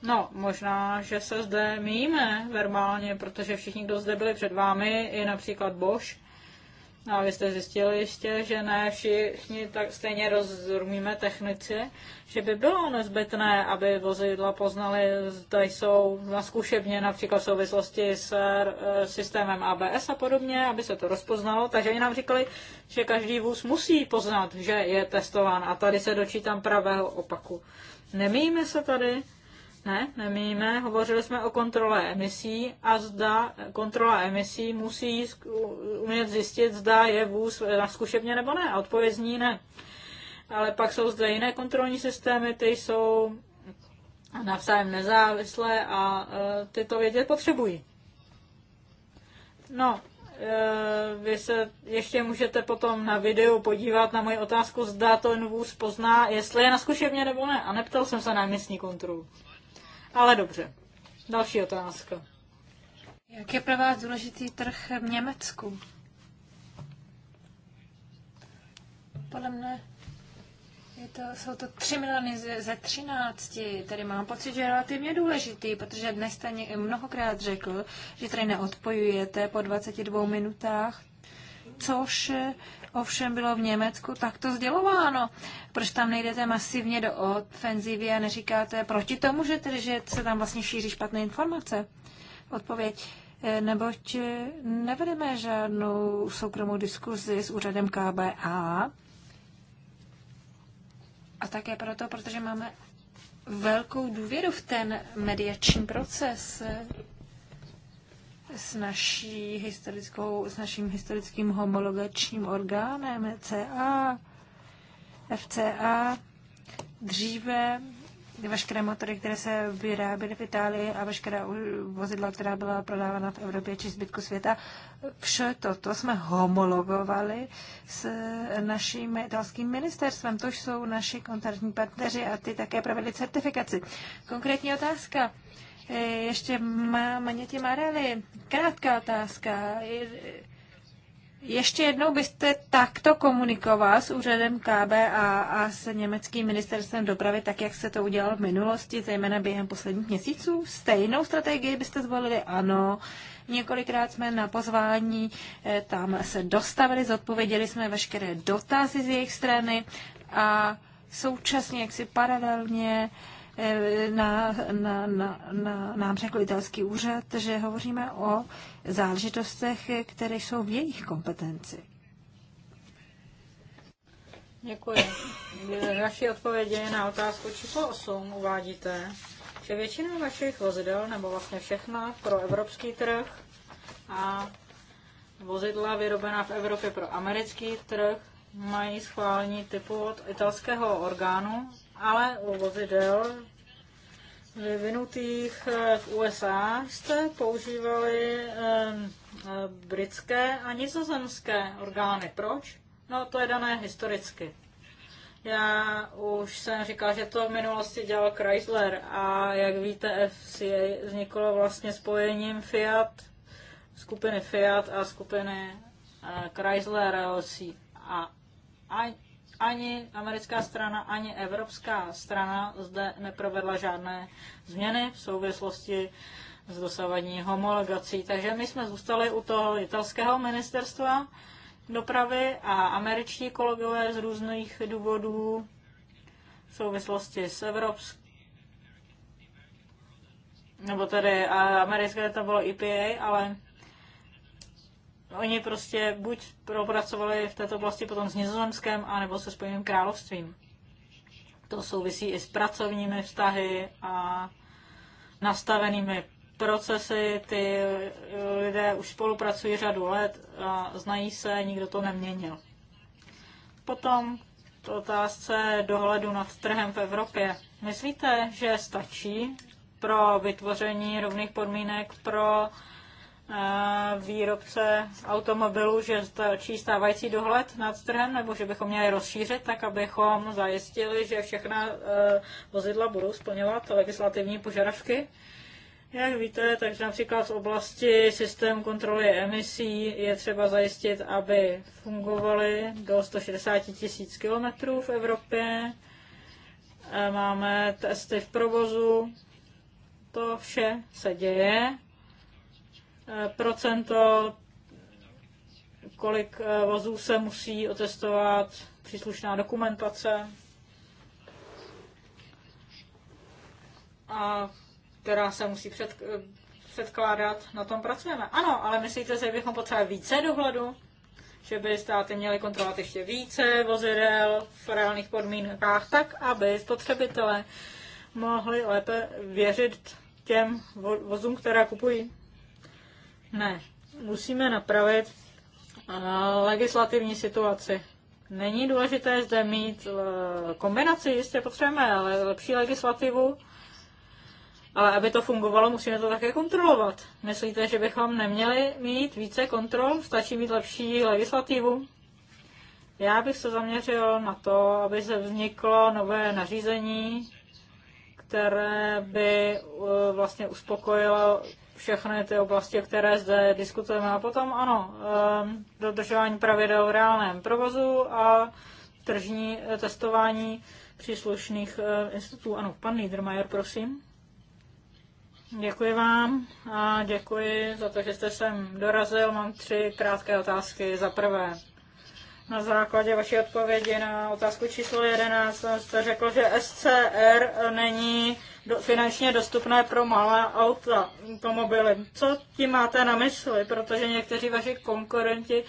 No, možná, že se zde míme verbálně, protože všichni, kdo zde byli před vámi, i například Bosch, a vy jste zjistili jistě, že ne všichni tak stejně rozumíme technici, že by bylo nezbytné, aby vozidla poznali, zda jsou na zkušebně například v souvislosti s eh, systémem ABS a podobně, aby se to rozpoznalo. Takže oni nám říkali, že každý vůz musí poznat, že je testován. A tady se dočítám pravého opaku. Nemíme se tady, ne, nemíme. Hovořili jsme o kontrole emisí a zda kontrola emisí musí umět zjistit, zda je vůz na zkušebně nebo ne. A odpověď zní ne. Ale pak jsou zde jiné kontrolní systémy, ty jsou navzájem nezávislé a e, ty to vědět potřebují. No, e, vy se ještě můžete potom na videu podívat na moji otázku, zda to vůz pozná, jestli je na zkušebně nebo ne. A neptal jsem se na místní kontrolu. Ale dobře. Další otázka. Jak je pro vás důležitý trh v Německu? Podle mne je to, jsou to 3 miliony ze, ze 13, tedy mám pocit, že je relativně důležitý, protože dnes jste mnohokrát řekl, že tady neodpojujete po 22 minutách, což ovšem bylo v Německu takto sdělováno. Proč tam nejdete masivně do ofenzivy a neříkáte proti tomu, že, tedy, že se tam vlastně šíří špatné informace? Odpověď. Eh, neboť eh, nevedeme žádnou soukromou diskuzi s úřadem KBA. A také proto, protože máme velkou důvěru v ten mediační proces s, naší historickou, s naším historickým homologačním orgánem CA, FCA. Dříve veškeré motory, které se vyráběly v Itálii a veškerá vozidla, která byla prodávána v Evropě či zbytku světa, vše toto jsme homologovali s naším italským ministerstvem. To jsou naši kontaktní partneři a ty také provedli certifikaci. Konkrétní otázka. Eh, ještě má Maněti Marely. Krátká otázka. Ještě jednou byste takto komunikoval s úřadem KBA a s německým ministerstvem dopravy, tak jak se to udělalo v minulosti, zejména během posledních měsíců? Stejnou strategii byste zvolili? Ano. Několikrát jsme na pozvání eh, tam se dostavili, zodpověděli jsme veškeré dotazy z jejich strany a současně, jaksi paralelně, Eh, na, na, na, na, nám řekl italský úřad, že hovoříme o záležitostech, které jsou v jejich kompetenci. Děkuji. V odpověď odpovědi na otázku číslo 8 uvádíte, že většina vašich vozidel, nebo vlastně všechna pro evropský trh a vozidla vyrobená v Evropě pro americký trh, mají schválení typu od italského orgánu ale u vozidel vyvinutých eh, v USA jste používali eh, eh, britské a nizozemské orgány. Proč? No, to je dané historicky. Já už jsem říkal, že to v minulosti dělal Chrysler a jak víte, FCA vzniklo vlastně spojením Fiat, skupiny Fiat a skupiny Chrysler LC. A, a ani americká strana, ani evropská strana zde neprovedla žádné změny v souvislosti s dosavadní homologací. Takže my jsme zůstali u toho italského ministerstva dopravy a američtí kolegové z různých důvodů v souvislosti s evropským nebo tedy americké to bylo EPA, ale Oni prostě buď propracovali v této oblasti potom s Nizozemskem, anebo se Spojeným královstvím. To souvisí i s pracovními vztahy a nastavenými procesy. Ty eh, lidé už spolupracují řadu let a znají se, nikdo to neměnil. Potom k otázce dohledu nad trhem v Evropě. Myslíte, že stačí pro vytvoření rovných podmínek pro výrobce automobilů, že stačí stávající dohled nad trhem, nebo že bychom měli rozšířit, tak abychom zajistili, že všechna eh, vozidla budou splňovat legislativní požadavky. Jak víte, takže například v oblasti systém kontroly emisí je třeba zajistit, aby fungovaly do 160 tisíc kilometrů v Evropě. Eh, máme testy v provozu. To vše se děje procento, kolik eh, vozů se musí otestovat, příslušná dokumentace a která se musí před, eh, předkládat, na tom pracujeme. Ano, ale myslíte si, že bychom potřebovali více dohledu? Že by státy měly kontrolovat ještě více vozidel v reálných podmínkách, tak aby spotřebitelé mohli lépe věřit těm vozům, které kupují? Ne, musíme napravit eh, legislativní situaci. Není důležité zde mít eh, kombinaci, jistě potřebujeme, ale lepší legislativu. Ale aby to fungovalo, musíme to také kontrolovat. Myslíte, že bychom neměli mít více kontrol? Stačí mít lepší legislativu? Já bych se zaměřil na to, aby se vzniklo nové nařízení, které by eh, vlastně uspokojilo všechny ty oblasti, které zde diskutujeme. A potom ano, ehm, dodržování pravidel v reálném provozu a tržní eh, testování příslušných eh, institutů. Ano, pan Niedermayer, prosím. Děkuji vám a děkuji za to, že jste sem dorazil. Mám tři krátké otázky. Za prvé, na základě vaší odpovědi na otázku číslo 11 jste řekl, že SCR není do, finančně dostupné pro malé auta, automobily. Co tím máte na mysli? Protože někteří vaši konkurenti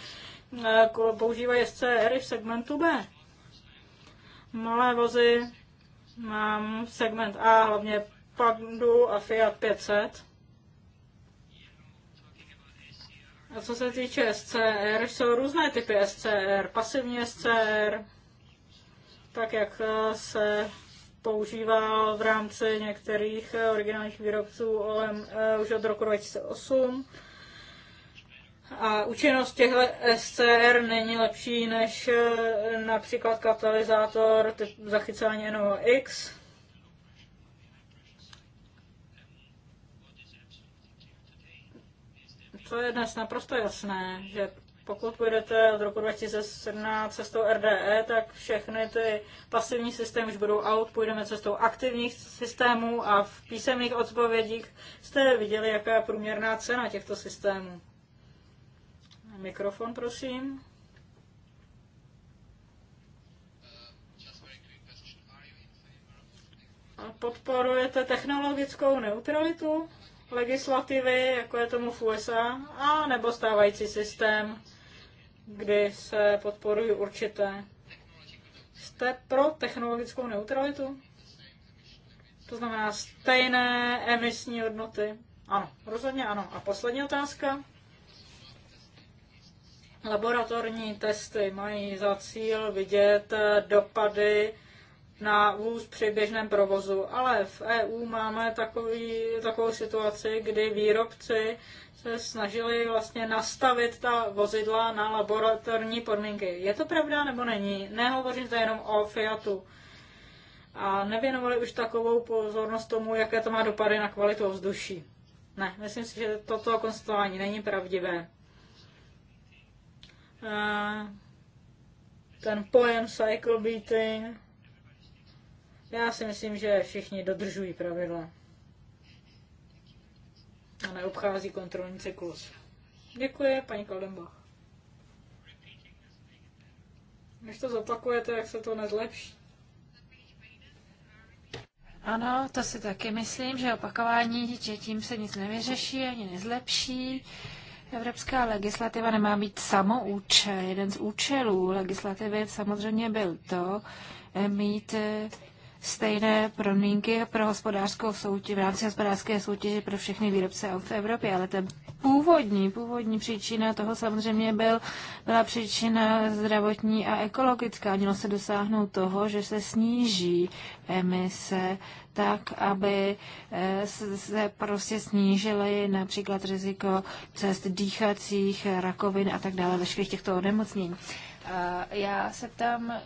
eh, používají SCR v segmentu B. Malé vozy mám segment A, hlavně Pandu a Fiat 500. A co se týče SCR, jsou různé typy SCR. Pasivní SCR, tak jak eh, se používá v rámci některých eh, originálních výrobců OLM eh, už od roku 2008. A účinnost těchto SCR není lepší než eh, například katalyzátor typ NOx. To je dnes naprosto jasné, že pokud půjdete od roku 2017 cestou RDE, tak všechny ty pasivní systémy už budou out, půjdeme cestou aktivních systémů a v písemných odpovědích jste viděli, jaká je průměrná cena těchto systémů. Mikrofon, prosím. podporujete technologickou neutralitu legislativy, jako je tomu v USA, a nebo stávající systém? kdy se podporují určité. Jste pro technologickou neutralitu? To znamená stejné emisní hodnoty? Ano, rozhodně ano. A poslední otázka. Laboratorní testy mají za cíl vidět dopady na vůz při běžném provozu, ale v EU máme takový, takovou situaci, kdy výrobci se snažili vlastně nastavit ta vozidla na laboratorní podmínky. Je to pravda nebo není? Nehovořím to jenom o Fiatu. A nevěnovali už takovou pozornost tomu, jaké to má dopady na kvalitu ovzduší. Ne, myslím si, že toto konstatování není pravdivé. Eh, ten pojem cycle beating já si myslím, že všichni dodržují pravidla a neobchází kontrolní cyklus. Děkuji, paní Kaldenbach. Když to zopakujete, jak se to nezlepší. Ano, to si taky myslím, že opakování, že tím se nic nevyřeší ani nezlepší. Evropská legislativa nemá být samoučel. Jeden z účelů legislativy samozřejmě byl to eh, mít eh, stejné podmínky pro hospodářskou soutěž, v rámci hospodářské soutěže pro všechny výrobce aut v Evropě, ale ten původní, původní příčina toho samozřejmě byl, byla příčina zdravotní a ekologická. Mělo se dosáhnout toho, že se sníží emise tak, aby eh, se prostě snížily například riziko cest dýchacích, rakovin a tak dále, veškerých těchto onemocnění já se tam,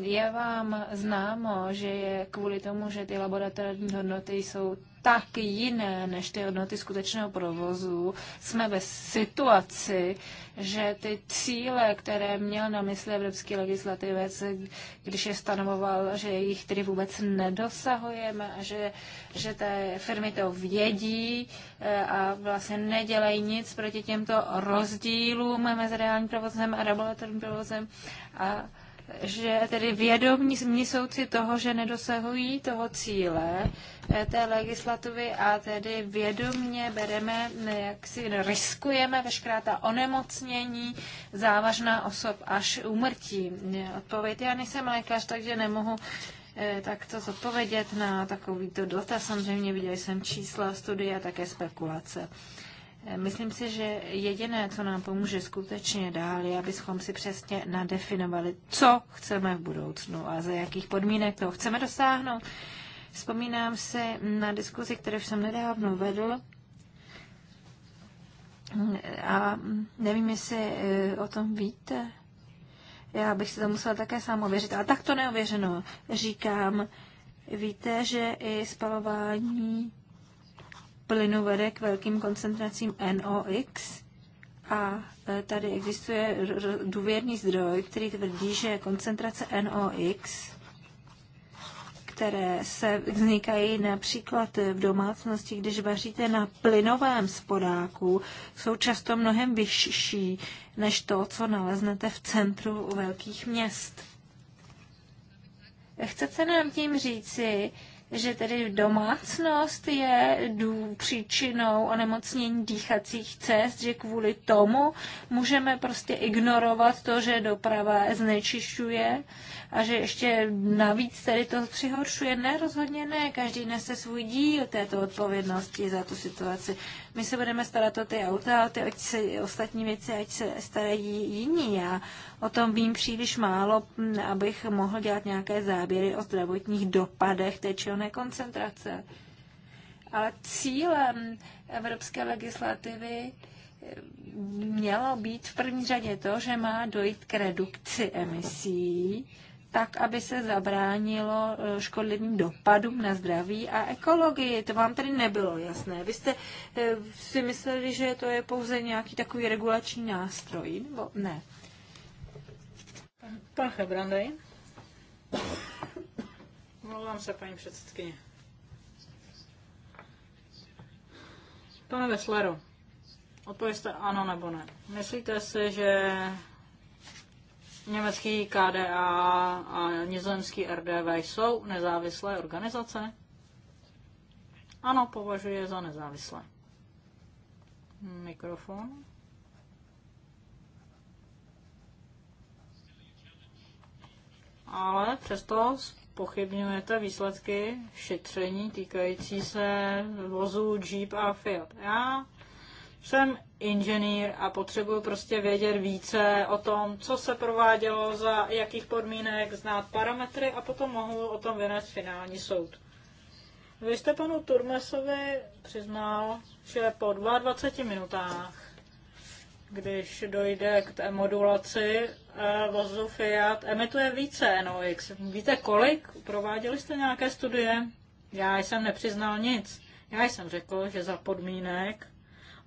je vám známo, že je kvůli tomu, že ty laboratorní hodnoty jsou tak jiné než ty hodnoty skutečného provozu, jsme ve situaci, že ty cíle, které měl na mysli evropský legislativec, když je stanovoval, že jich tedy vůbec nedosahujeme a že, že té firmy to vědí eh, a vlastně nedělají nic proti těmto rozdílům mezi reálním provozem a regulatorním provozem a že tedy vědomí mě soudci toho, že nedosahují toho cíle eh, té legislativy a tedy vědomně bereme, eh, jak si riskujeme veškerá ta onemocnění, závažná osob až umrtí. Eh, odpověď, já nejsem lékař, takže nemohu tak to zodpovědět na takovýto dotaz. Samozřejmě viděli jsem čísla, studie a také spekulace. Myslím si, že jediné, co nám pomůže skutečně dál, je, abychom si přesně nadefinovali, co chceme v budoucnu a za jakých podmínek to chceme dosáhnout. Vzpomínám si na diskuzi, kterou jsem nedávno vedl a nevím, jestli eh, o tom víte. Já bych si to musela také sám ověřit, ale tak to neověřeno. Říkám, víte, že i spalování plynu vede k velkým koncentracím NOx a e, tady existuje důvěrný zdroj, který tvrdí, že koncentrace NOx které se vznikají například v domácnosti, když vaříte na plynovém spodáku, jsou často mnohem vyšší než to, co naleznete v centru velkých měst. Chcete nám tím říci, že tedy domácnost je příčinou onemocnění dýchacích cest, že kvůli tomu můžeme prostě ignorovat to, že doprava znečišťuje a že ještě navíc tedy to přihoršuje. Ne, rozhodně ne. Každý nese svůj díl této odpovědnosti za tu situaci my se budeme starat o ty auta, o ty ať se, ostatní věci, ať se starají jiní. Já o tom vím příliš málo, abych mohl dělat nějaké záběry o zdravotních dopadech té čelné koncentrace. Ale cílem evropské legislativy mělo být v první řadě to, že má dojít k redukci emisí tak, aby se zabránilo eh, škodlivým dopadům na zdraví a ekologii. To vám tedy nebylo jasné. Vy jste eh, si mysleli, že to je pouze nějaký takový regulační nástroj, nebo ne? Pan Hebrandej. Mluvám se, paní předsedkyně. Pane Veslero, odpověste ano nebo ne. Myslíte si, že Německý KDA a nizozemský RDV jsou nezávislé organizace? Ano, považuji je za nezávislé. Mikrofon. Ale přesto pochybňujete výsledky šetření týkající se vozů Jeep a Fiat. Já jsem inženýr a potřebuji prostě vědět více o tom, co se provádělo, za jakých podmínek, znát parametry a potom mohu o tom vynést finální soud. Vy jste panu Turmesovi přiznal, že po 22 minutách, když dojde k té modulaci eh, vozu Fiat, emituje více NOx. Víte kolik? Prováděli jste nějaké studie? Já jsem nepřiznal nic. Já jsem řekl, že za podmínek,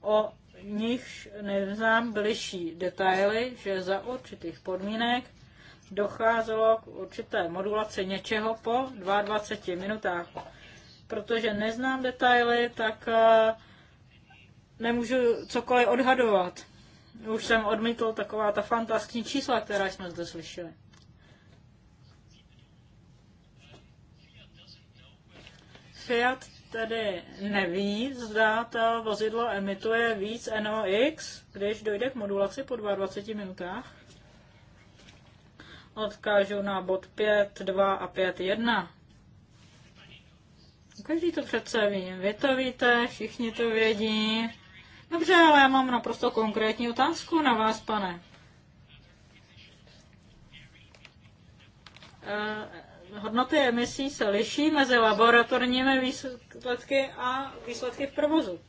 o nichž neznám bližší detaily, že za určitých podmínek docházelo k určité modulaci něčeho po 22 minutách. Protože neznám detaily, tak eh, nemůžu cokoliv odhadovat. Už jsem odmítl taková ta fantastní čísla, která jsme zde slyšeli. Fiat tedy neví, zda to vozidlo emituje víc NOx, když dojde k modulaci po 22 minutách. Odkážu na bod 5, 2 a 5, 1. Každý to přece ví. Vy to víte, všichni to vědí. Dobře, ale já mám naprosto konkrétní otázku na vás, pane. Eh, hodnoty emisí se liší mezi laboratorními výsledky a výsledky v provozu.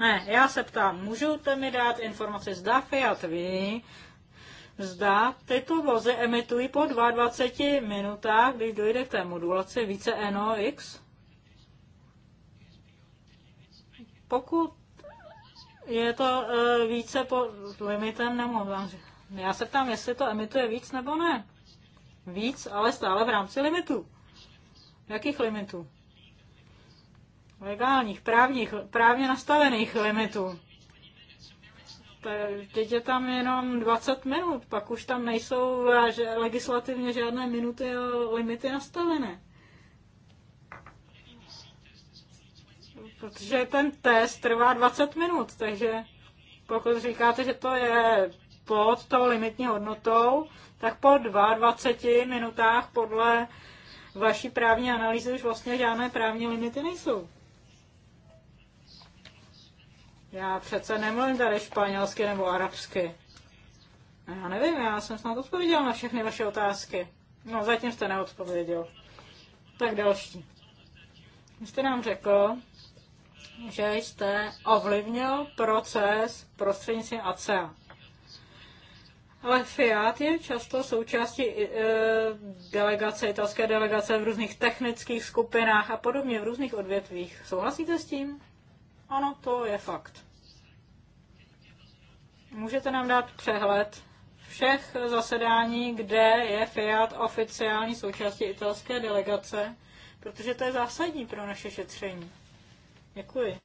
Ne, já se ptám, můžete mi dát informace, zda Fiat ví, zda tyto vozy emitují po 22 minutách, když dojde k té modulaci více NOx? Pokud je to uh, více pod limitem, nemohu vám Já se ptám, jestli to emituje víc nebo ne víc, ale stále v rámci limitů. Jakých limitů? Legálních, právních, právně nastavených limitů. Teď je tam jenom 20 minut, pak už tam nejsou legislativně žádné minuty a limity nastavené. Protože ten test trvá 20 minut, takže pokud říkáte, že to je pod tou limitní hodnotou, tak po 22 minutách podle vaší právní analýzy už vlastně žádné právní limity nejsou. Já přece nemluvím tady španělsky nebo arabsky. No, já nevím, já jsem snad odpověděl na všechny vaše otázky. No, zatím jste neodpověděl. Tak další. Vy jste nám řekl, že jste ovlivnil proces prostřednictvím ACEA. Ale Fiat je často součástí e, delegace, italské delegace v různých technických skupinách a podobně v různých odvětvích. Souhlasíte s tím? Ano, to je fakt. Můžete nám dát přehled všech zasedání, kde je Fiat oficiální součástí italské delegace, protože to je zásadní pro naše šetření. Děkuji.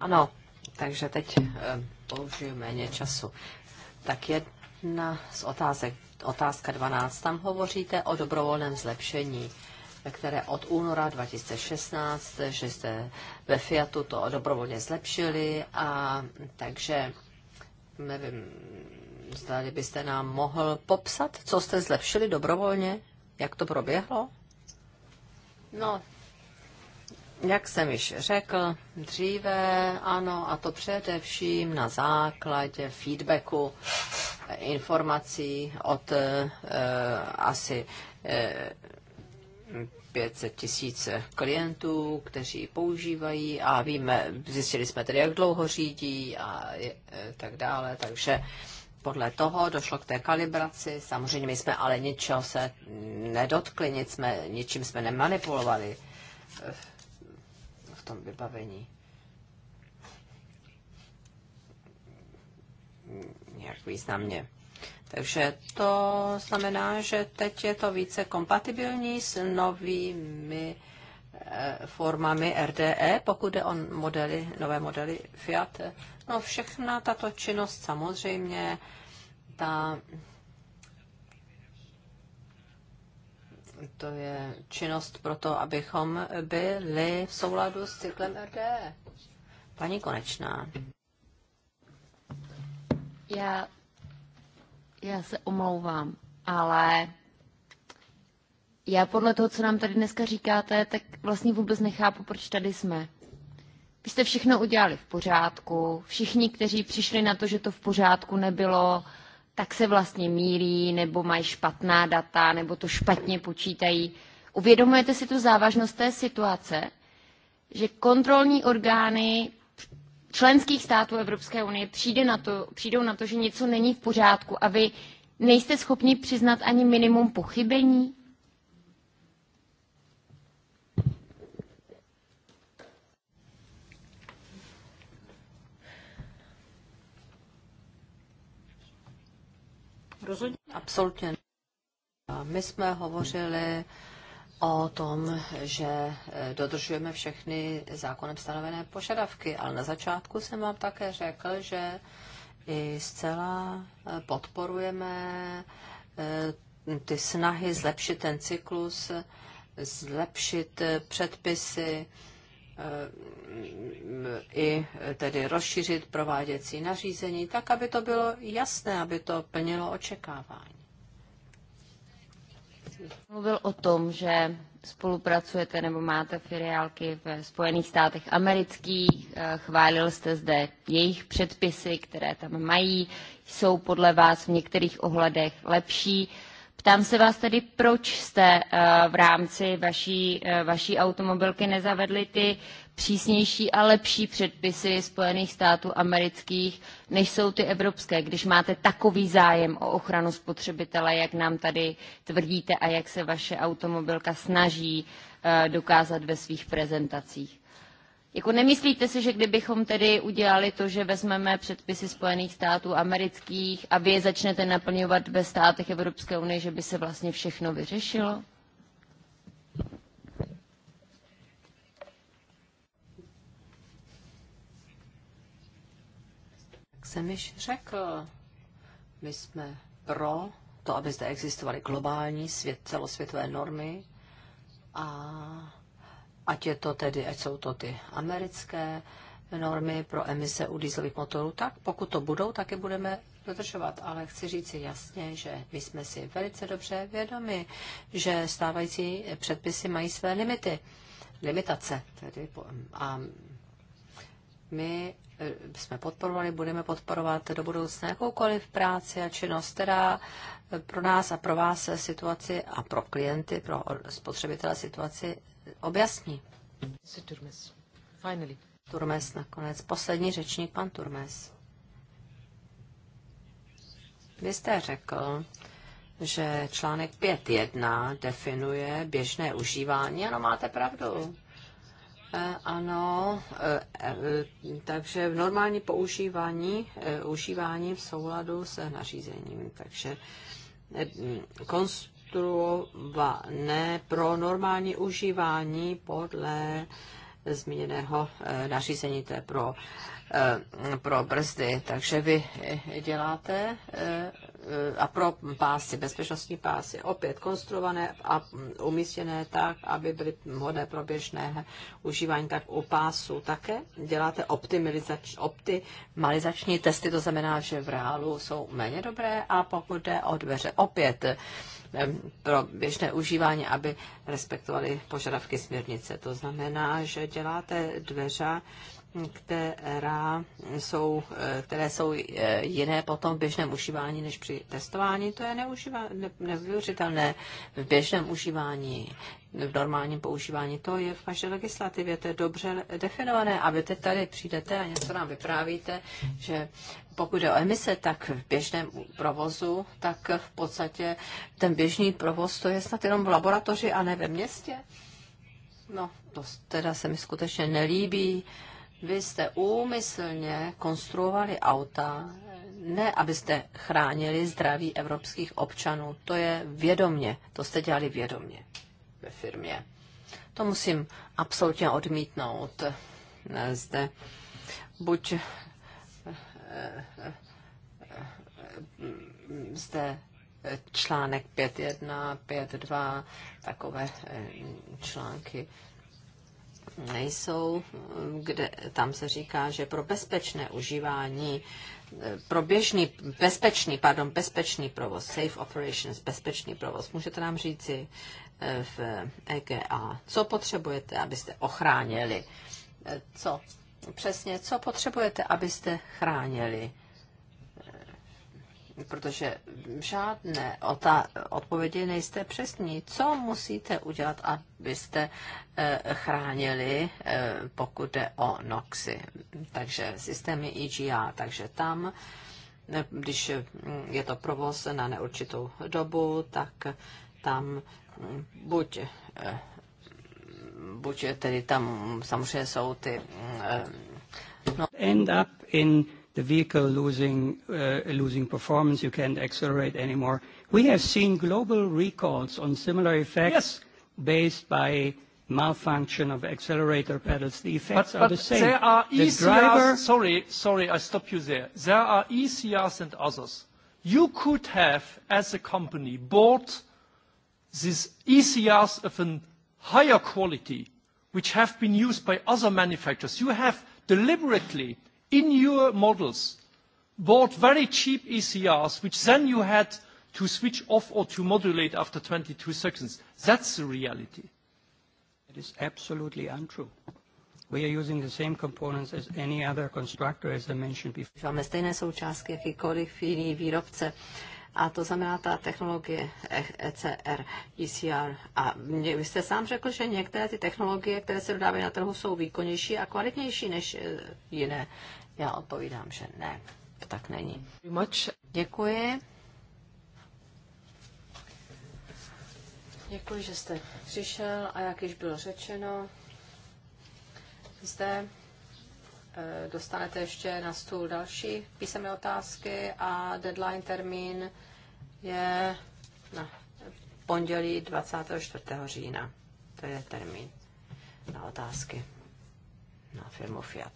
Ano, takže teď eh, použiju méně času. Tak jedna z otázek, otázka 12, tam hovoříte o dobrovolném zlepšení které od února 2016, že jste ve Fiatu to dobrovolně zlepšili a takže nevím, zda byste nám mohl popsat, co jste zlepšili dobrovolně, jak to proběhlo? No, jak jsem již řekl dříve, ano, a to především na základě feedbacku eh, informací od eh, eh asi eh, 500 tisíc klientů, kteří používají a víme, zjistili jsme tedy, jak dlouho řídí a je, eh, tak dále, takže podle toho došlo k té kalibraci. Samozřejmě my jsme ale ničeho se nedotkli, nic jsme, ničím jsme nemanipulovali tom vybavení. Nějak významně. Takže to znamená, že teď je to více kompatibilní s novými eh, formami RDE, pokud jde o modely, nové modely Fiat. No všechna tato činnost samozřejmě, ta to je činnost pro to, abychom byli v souladu s cyklem RD. Paní Konečná. Já, já se omlouvám, ale já podle toho, co nám tady dneska říkáte, tak vlastně vůbec nechápu, proč tady jsme. Vy jste všechno udělali v pořádku. Všichni, kteří přišli na to, že to v pořádku nebylo, tak se vlastně mírí, nebo mají špatná data, nebo to špatně počítají. Uvědomujete si tu závažnost té situace, že kontrolní orgány členských států Evropské unie přijde na to, přijdou na to, že něco není v pořádku a vy nejste schopni přiznat ani minimum pochybení? Rozhodně. Absolutně. My jsme hovořili o tom, že e, dodržujeme všechny zákonem stanovené požadavky, ale na začátku jsem vám také řekl, že i zcela e, podporujeme e, ty snahy zlepšit ten cyklus, zlepšit předpisy, i tedy rozšířit prováděcí nařízení, tak aby to bylo jasné, aby to plnilo očekávání. Mluvil o tom, že spolupracujete nebo máte filiálky ve Spojených státech amerických. Chválil jste zde jejich předpisy, které tam mají, jsou podle vás v některých ohledech lepší Ptám se vás tedy, proč jste eh, v rámci vaší, eh, vaší automobilky nezavedli ty přísnější a lepší předpisy Spojených států amerických, než jsou ty evropské, když máte takový zájem o ochranu spotřebitele, jak nám tady tvrdíte a jak se vaše automobilka snaží eh, dokázat ve svých prezentacích. Jako nemyslíte si, že kdybychom tedy udělali to, že vezmeme předpisy Spojených států amerických a vy je začnete naplňovat ve státech Evropské unie, že by se vlastně všechno vyřešilo? Jak jsem již řekl, my jsme pro to, aby zde existovaly globální svět, celosvětové normy a ať, je to tedy, ať jsou to ty americké normy pro emise u dieselových motorů, tak pokud to budou, tak je budeme dodržovat. Ale chci říci jasně, že my jsme si velice dobře vědomi, že stávající předpisy mají své limity, limitace. Tedy a my eh, jsme podporovali, budeme podporovat do budoucna jakoukoliv práci a činnost, která eh, pro nás a pro vás situaci a pro klienty, pro spotřebitele situaci Objasni. Turmes. Finally. Turmes nakonec. Poslední řečník, pan Turmes. Vy jste řekl, že článek 5.1 definuje běžné užívání. Ano, máte pravdu. Eh, ano, eh, eh, takže v normální používání, užívání v souladu se nařízením. Takže kons, strukturované pro normální užívání podle zmíněného eh, nařízení, to je pro, eh, pro brzdy. Takže vy eh, děláte a pro pásy, bezpečnostní pásy, opět konstruované a umístěné tak, aby byly hodné pro běžné užívání, tak u pásů také děláte optimalizač, optimalizační testy, to znamená, že v reálu jsou méně dobré a pokud jde o dveře, opět pro běžné užívání, aby respektovali požadavky směrnice. To znamená, že děláte dveře která jsou, eh, které jsou eh, jiné potom v běžném užívání než při testování, to je neužíva, nevyužitelné. V běžném užívání, v normálním používání, to je v vaší legislativě, to je dobře definované. A vy teď tady přijdete a něco nám vyprávíte, že pokud je o emise, tak v běžném provozu, tak v podstatě ten běžný provoz to je snad jenom v laboratoři a ne ve městě. No, to teda se mi skutečně nelíbí. Uh, vy jste úmyslně konstruovali auta, ne abyste chránili zdraví evropských občanů. To je vědomně. To jste dělali vědomně ve firmě. To musím absolutně odmítnout. Eh, zde buď eh, eh, zde článek 5.1, 5.2, takové články nejsou, kde tam se říká, že pro bezpečné užívání, eh, pro běžný, bezpečný, pardon, bezpečný provoz, safe operations, bezpečný provoz, můžete nám říci eh, v EGA, co potřebujete, abyste ochránili, eh, co, přesně, co potřebujete, abyste chránili protože žádné ota, odpovědi nejste přesní. Co musíte udělat, abyste eh, chránili, eh, pokud jde o NOXy? Takže systémy EGA, takže tam, eh, když mm, je to provoz na neurčitou dobu, tak tam mm, buď buď tedy tam samozřejmě jsou ty mm, no, end up in the vehicle losing, uh, losing performance. You can't accelerate anymore. We have seen global recalls on similar effects- Yes. Based by malfunction of accelerator pedals. The effects are the same. There are ECRs. the e Driver... Sorry, sorry, I stop you there. There are ECRs and others. You could have, as a company, bought these ECRs of a higher quality, which have been used by other manufacturers. You have deliberately in your models bought very cheap ECRs, which then you had to switch off or to modulate after 22 seconds. That's the reality. It is absolutely untrue. We are using the same components as any other constructor, as I mentioned before. Máme stejné součástky, jakýkoliv jiný výrobce. A to znamená ta technologie ECR, ECR. A mě, vy jste sám řekl, že některé ty technologie, které se dodávají na trhu, jsou výkonnější a kvalitnější než eh, jiné. Já odpovídám, že ne, to tak není. Děkuji. Děkuji, že jste přišel a jak již bylo řečeno, zde eh, dostanete ještě na stůl další písemné otázky a deadline termín je na pondělí 24. října. To je termín na otázky na firmu Fiat.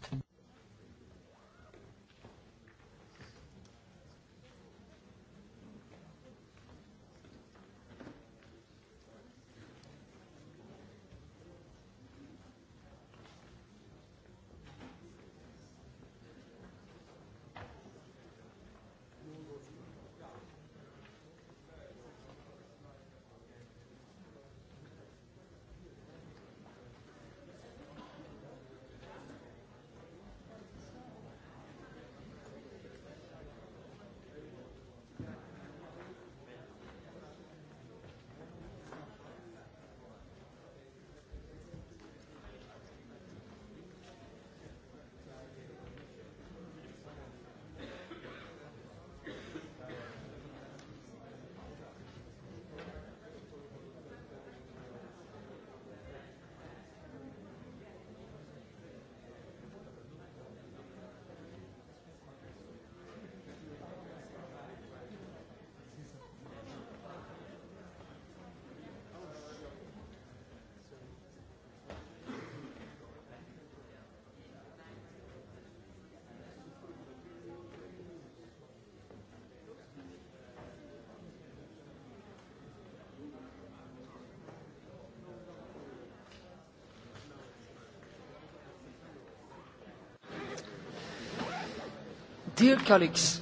Dear colleagues,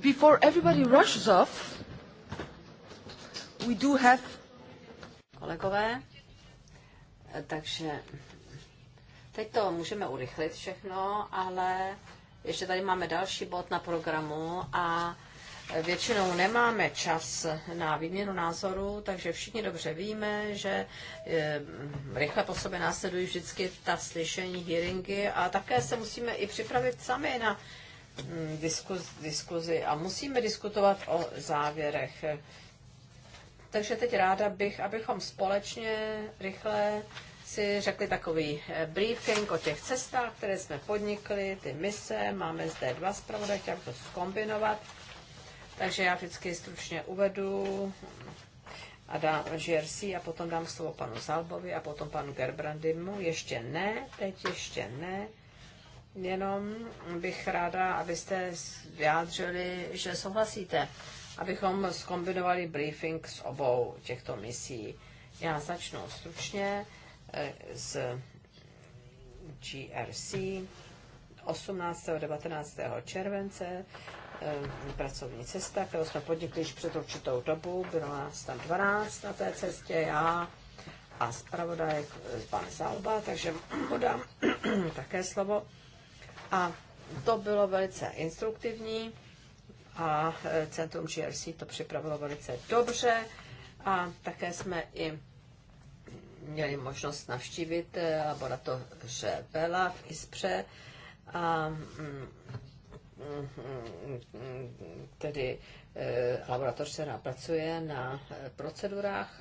before everybody rushes off, we do have... Kolegové, takže teď to můžeme urychlit všechno, ale ještě tady máme další bod na programu a většinou nemáme čas na výměnu názorů, takže všichni dobře víme, že eh, rychle po sobě následují vždycky ta slyšení, hearingy a také se musíme i připravit sami na Mm, diskuzi a musíme diskutovat o závěrech. Takže teď ráda bych, abychom společně rychle si řekli takový eh, briefing o těch cestách, které jsme podnikli, ty mise, máme zde dva zpravodaj, chtěl to zkombinovat. Takže já vždycky stručně uvedu a dám Žersi a potom dám slovo panu Zalbovi a potom panu Gerbrandimu. Ještě ne, teď ještě ne. Jenom bych ráda, abyste vyjádřili, že souhlasíte, abychom skombinovali briefing s obou těchto misí. Já začnu stručně z GRC 18. a 19. července eh, pracovní cesta, kterou jsme podnikli již před určitou dobu. Bylo nás tam 12 na té cestě, já a zpravodaj eh, pan Salba, takže mu dám také slovo. A to bylo velice instruktivní a e, Centrum GRC to připravilo velice dobře a také jsme i měli možnost navštívit e, laboratoře Bela v Ispře a mm, mm, mm, tedy e, laboratoř, která pracuje na procedurách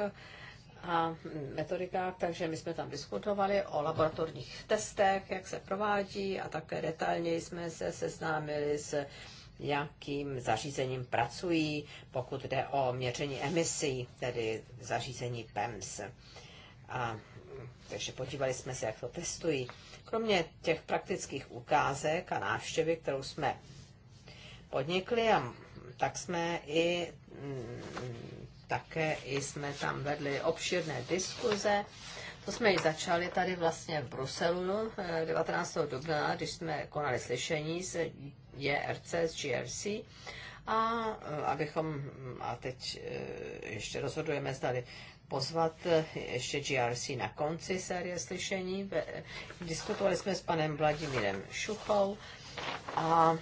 a metodikách, takže my jsme tam diskutovali o laboratorních testech, jak se provádí a také detailně jsme se seznámili s jakým zařízením pracují, pokud jde o měření emisí, tedy zařízení PEMS. A, takže podívali jsme se, jak to testují. Kromě těch praktických ukázek a návštěvy, kterou jsme podnikli, a tak jsme i mm, také jsme tam vedli obšírné diskuze. To jsme ji začali tady vlastně v Bruselu no, eh, 19. dubna, když jsme konali slyšení s JRC, s GRC. A eh, abychom, a teď eh, ještě rozhodujeme, zda pozvat ještě GRC na konci série slyšení. Diskutovali jsme s panem Vladimírem Šuchou a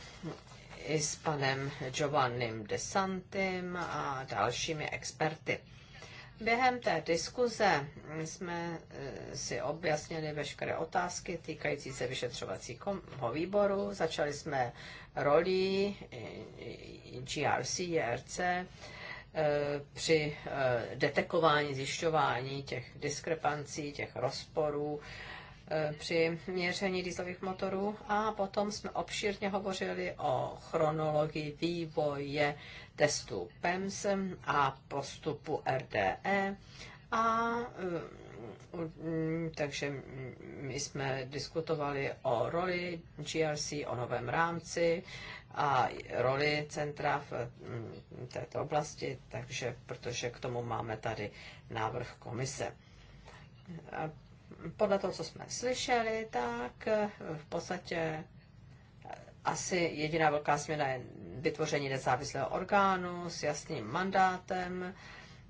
i s panem Giovannim Desantem a dalšími experty. Během té diskuze jsme eh, si objasnili veškeré otázky týkající se vyšetřovacího výboru. Začali jsme roli GRC, JRC eh, při eh, detekování, zjišťování těch diskrepancí, těch rozporů při měření dieselových motorů a potom jsme obšírně hovořili o chronologii vývoje testů PEMS a postupu RDE a eh, mm, takže my jsme diskutovali o roli GRC, o novém rámci a roli centra v mm, této oblasti, takže protože k tomu máme tady návrh komise podle toho, co jsme slyšeli, tak eh, v podstatě eh, asi jediná velká změna je vytvoření nezávislého orgánu s jasným mandátem,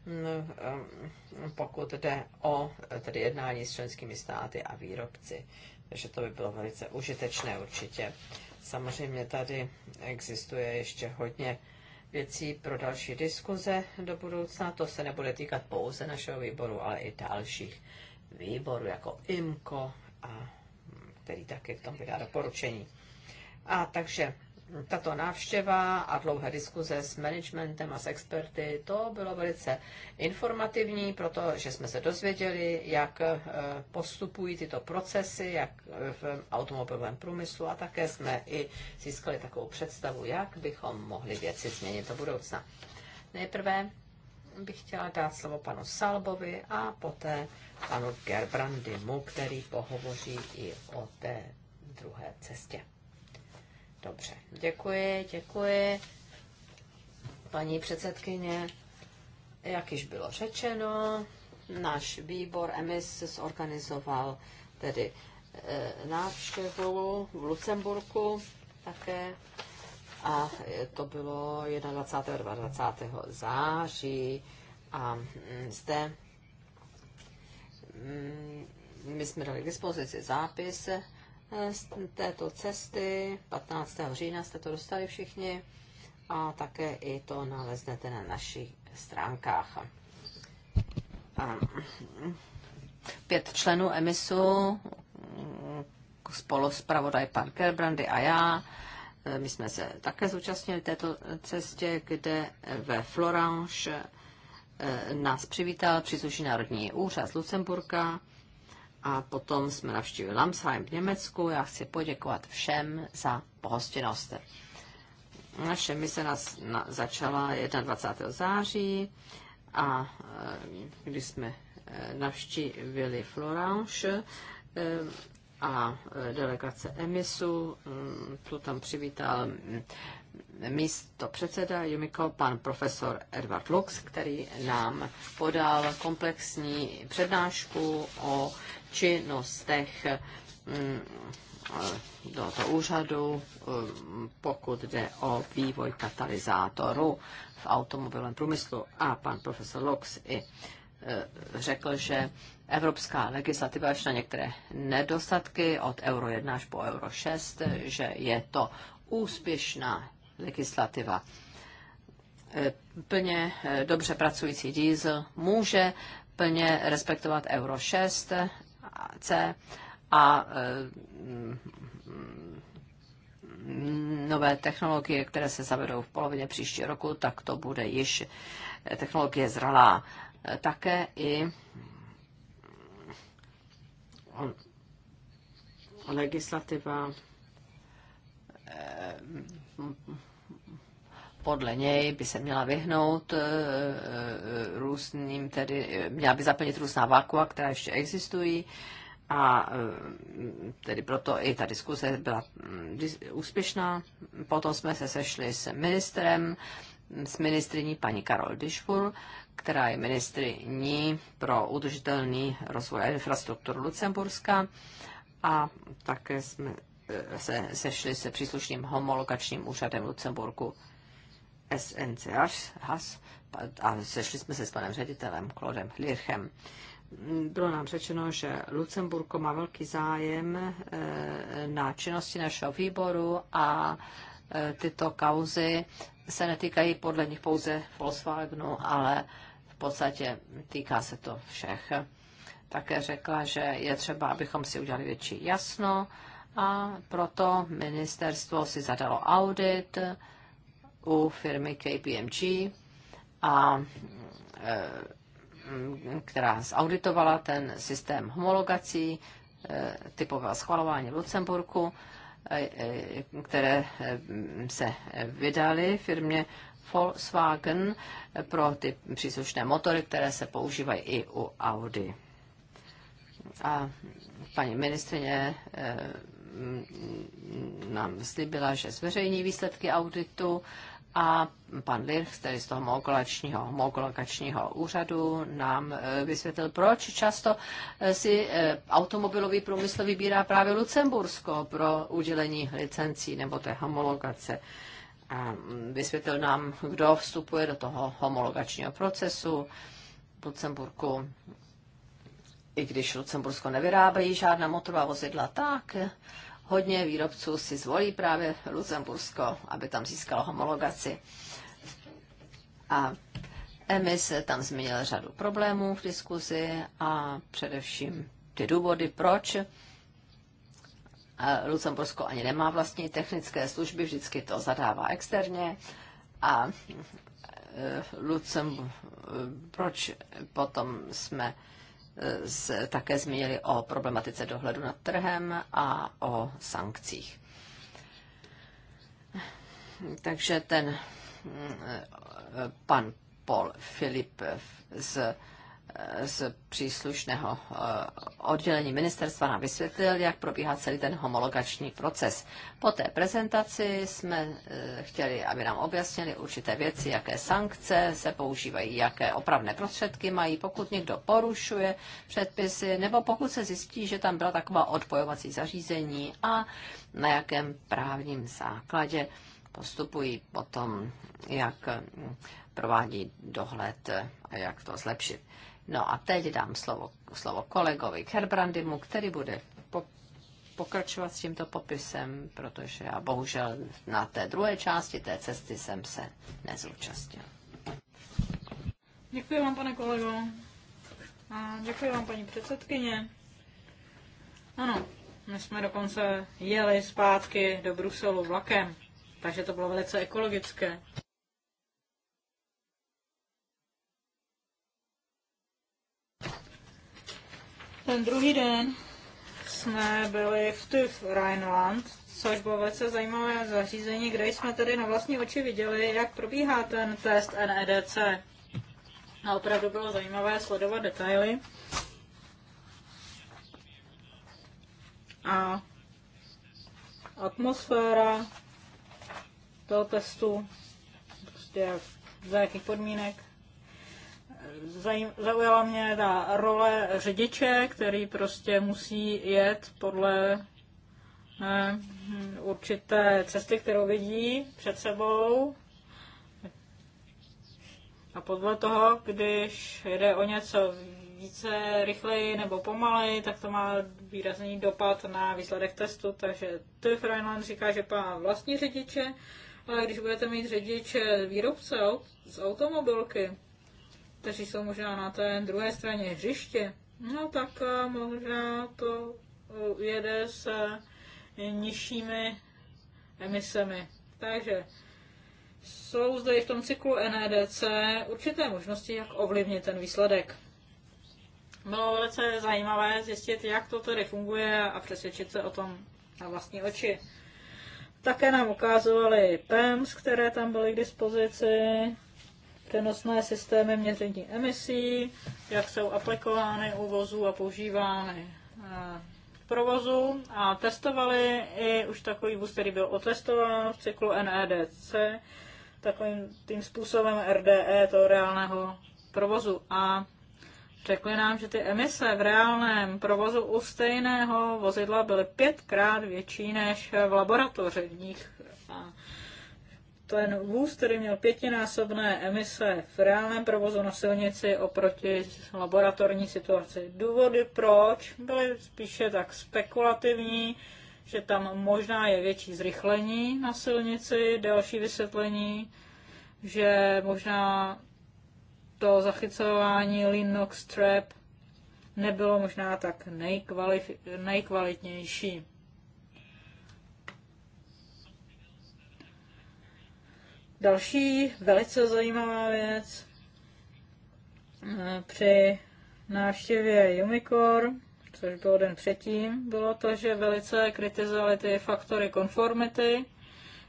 mm, eh, pokud jde o tedy jednání s členskými státy a výrobci. Takže to by bylo velice užitečné určitě. Samozřejmě tady existuje ještě hodně věcí pro další diskuze do budoucna. To se nebude týkat pouze našeho výboru, ale i dalších výboru jako IMCO, a, který taky v tom vydá doporučení. A takže tato návštěva a dlouhé diskuze s managementem a s experty, to bylo velice informativní, protože jsme se dozvěděli, jak eh, postupují tyto procesy, jak eh, v automobilovém průmyslu a také jsme i získali takovou představu, jak bychom mohli věci změnit do budoucna. Nejprve bych chtěla dát slovo panu Salbovi a poté panu Gerbrandimu, který pohovoří i o té druhé cestě. Dobře, děkuji, děkuji. Paní předsedkyně, jak již bylo řečeno, náš výbor EMIS zorganizoval tedy e, návštěvu v Lucemburku také a to bylo 21. 22. září a mm, zde Mm, my jsme dali k dispozici zápis eh, z této cesty. 15. října jste to dostali všichni a také i to naleznete na našich stránkách. Mm, pět členů emisu, mm, spolospravodaj Parker Brandy a já, eh, my jsme se také zúčastnili této cestě, kde ve Florange Eh, nás přivítal příslušný národní úřad z Lucemburka a potom jsme navštívili Lamsheim v Německu. Já chci poděkovat všem za pohostinnost. Naše mise nás na, začala 21. září a eh, když jsme eh, navštívili Florange a delegace Emisu, hm, tu tam přivítal hm, místo předseda Jumiko, pan profesor Edward Lux, který nám podal komplexní přednášku o činnostech mm, do toho úřadu, mm, pokud jde o vývoj katalyzátoru v automobilovém průmyslu. A pan profesor Lux i e, řekl, že evropská legislativa až na některé nedostatky od euro 1 až po euro 6, že je to úspěšná legislativa. Eh, plně eh, dobře pracující diesel může plně respektovat Euro 6 eh, C a nové technologie, které se zavedou v polovině příští roku, tak to bude již technologie zralá. Také i legislativa podle něj by se měla vyhnout eh, eh, různým, tedy měla by zaplnit různá vákua, která ještě existují. A eh, tedy proto i ta diskuse byla mm, úspěšná. Potom jsme se sešli s ministrem, s ministriní paní Karol Dišpur, která je ministriní pro udržitelný rozvoj a infrastrukturu Lucemburska. A také jsme se sešli se příslušným homologačním úřadem Lucemburku SNCH HAS, a sešli jsme se s panem ředitelem Klodem Lirchem. Bylo nám řečeno, že Lucemburko má velký zájem e, na činnosti našeho výboru a e, tyto kauzy se netýkají podle nich pouze Volkswagenu, ale v podstatě týká se to všech. Také řekla, že je třeba, abychom si udělali větší jasno a proto ministerstvo si zadalo audit u firmy KPMG, a, e, která zauditovala ten systém homologací, e, typového schvalování v Lucemburku, e, které se vydaly firmě Volkswagen pro ty příslušné motory, které se používají i u Audi. A paní ministrině Mm, nám slibila, že zveřejní výsledky auditu a pan Lirch, tedy z toho homologačního, úřadu, nám eh, vysvětlil, proč často eh, si eh, automobilový průmysl vybírá právě Lucembursko pro udělení licencí nebo té homologace. A mm, vysvětlil nám, kdo vstupuje do toho homologačního procesu v Lucemburku i když Lucembursko nevyrábějí žádná motorová vozidla, tak hodně výrobců si zvolí právě Lucembursko, aby tam získalo homologaci. A Emis tam zmínil řadu problémů v diskuzi a především ty důvody, proč. Lucembursko ani nemá vlastní technické služby, vždycky to zadává externě. A eh, Lucem, proč potom jsme se také zmínili o problematice dohledu nad trhem a o sankcích. Takže ten mm, pan Paul Filip z z příslušného eh, oddělení ministerstva nám vysvětlil, jak probíhá celý ten homologační proces. Po té prezentaci jsme eh, chtěli, aby nám objasnili určité věci, jaké sankce se používají, jaké opravné prostředky mají, pokud někdo porušuje předpisy, nebo pokud se zjistí, že tam byla taková odpojovací zařízení a na jakém právním základě postupují potom, jak mm, provádí dohled eh, a jak to zlepšit. No a teď dám slovo, slovo kolegovi Kerbrandimu, který bude po, pokračovat s tímto popisem, protože já bohužel na té druhé části té cesty jsem se nezúčastnil. Děkuji vám, pane kolego. A děkuji vám, paní předsedkyně. Ano, my jsme dokonce jeli zpátky do Bruselu vlakem, takže to bylo velice ekologické. Ten druhý den jsme byli v TÜV Rheinland, což bylo velice zajímavé zařízení, kde jsme tedy na vlastní oči viděli, jak probíhá ten test NEDC. A opravdu bylo zajímavé sledovat detaily. A atmosféra toho testu, prostě za jakých podmínek, zaujala mě ta role řidiče, který prostě musí jet podle eh, určité cesty, kterou vidí před sebou. A podle toho, když jede o něco více rychleji nebo pomaleji, tak to má výrazný dopad na výsledek testu. Takže TÜV Rheinland říká, že má vlastní řidiče, ale když budete mít řidiče výrobce z automobilky, kteří jsou možná na té druhé straně hřiště, no tak možná to jede s nižšími emisemi. Takže jsou zde i v tom cyklu NEDC určité možnosti, jak ovlivnit ten výsledek. Bylo velice zajímavé zjistit, jak to tedy funguje a přesvědčit se o tom na vlastní oči. Také nám ukázovali PEMS, které tam byly k dispozici, přenosné systémy měření emisí, jak jsou aplikovány u vozů a používány eh, v provozu a testovali i už takový vůz, který byl otestován v cyklu NEDC, takovým tím způsobem RDE, toho reálného provozu. A řekli nám, že ty emise v reálném provozu u stejného vozidla byly pětkrát větší než v laboratorních. A ten vůz, který měl pětinásobné emise v reálném provozu na silnici oproti laboratorní situaci. Důvody proč byly spíše tak spekulativní, že tam možná je větší zrychlení na silnici, další vysvětlení, že možná to zachycování Linux Trap nebylo možná tak nejkvalit, nejkvalitnější. Další velice zajímavá věc eh, při návštěvě Umicor, což byl den předtím, bylo to, že velice kritizovali ty faktory konformity.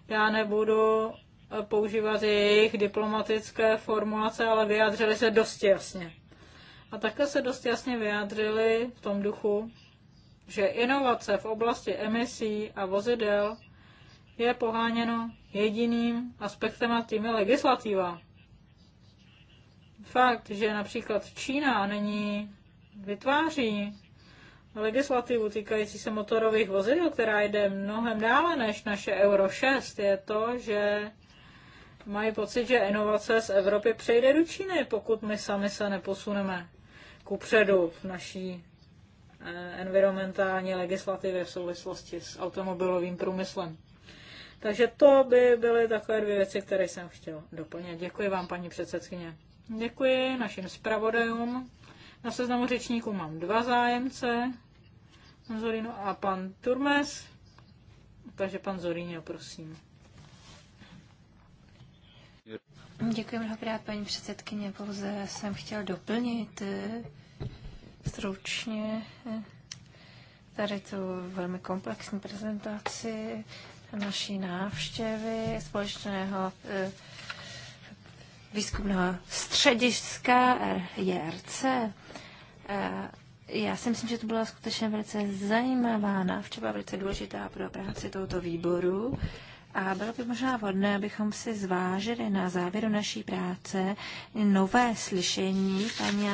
Já nebudu eh, používat jejich diplomatické formulace, ale vyjádřili se dost jasně. A také se dost jasně vyjádřili v tom duchu, že inovace v oblasti emisí a vozidel je poháněno jediným aspektem a tím je legislativa. Fakt, že například Čína není vytváří legislativu týkající se motorových vozidel, která jde mnohem dále než naše Euro 6, je to, že mají pocit, že inovace z Evropy přejde do Číny, pokud my sami se neposuneme předu v naší eh, environmentální legislativě v souvislosti s automobilovým průmyslem. Takže to by byly takové dvě věci, které jsem chtěl doplnit. Děkuji vám, paní předsedkyně. Děkuji našim zpravodajům. Na seznamu řečníků mám dva zájemce, pan Zorino a pan Turmes. Takže pan Zorino, prosím. Děkuji mnohokrát, paní předsedkyně. Pouze jsem chtěl doplnit eh, stručně eh, tady tu velmi komplexní prezentaci naší návštěvy společného e, výzkumného střediska e JRC. E, já si myslím, že to byla skutečně velice zajímavá návštěva, velice důležitá pro práci tohoto výboru. A bylo by možná vhodné, abychom si zvážili na závěru naší práce nové slyšení paní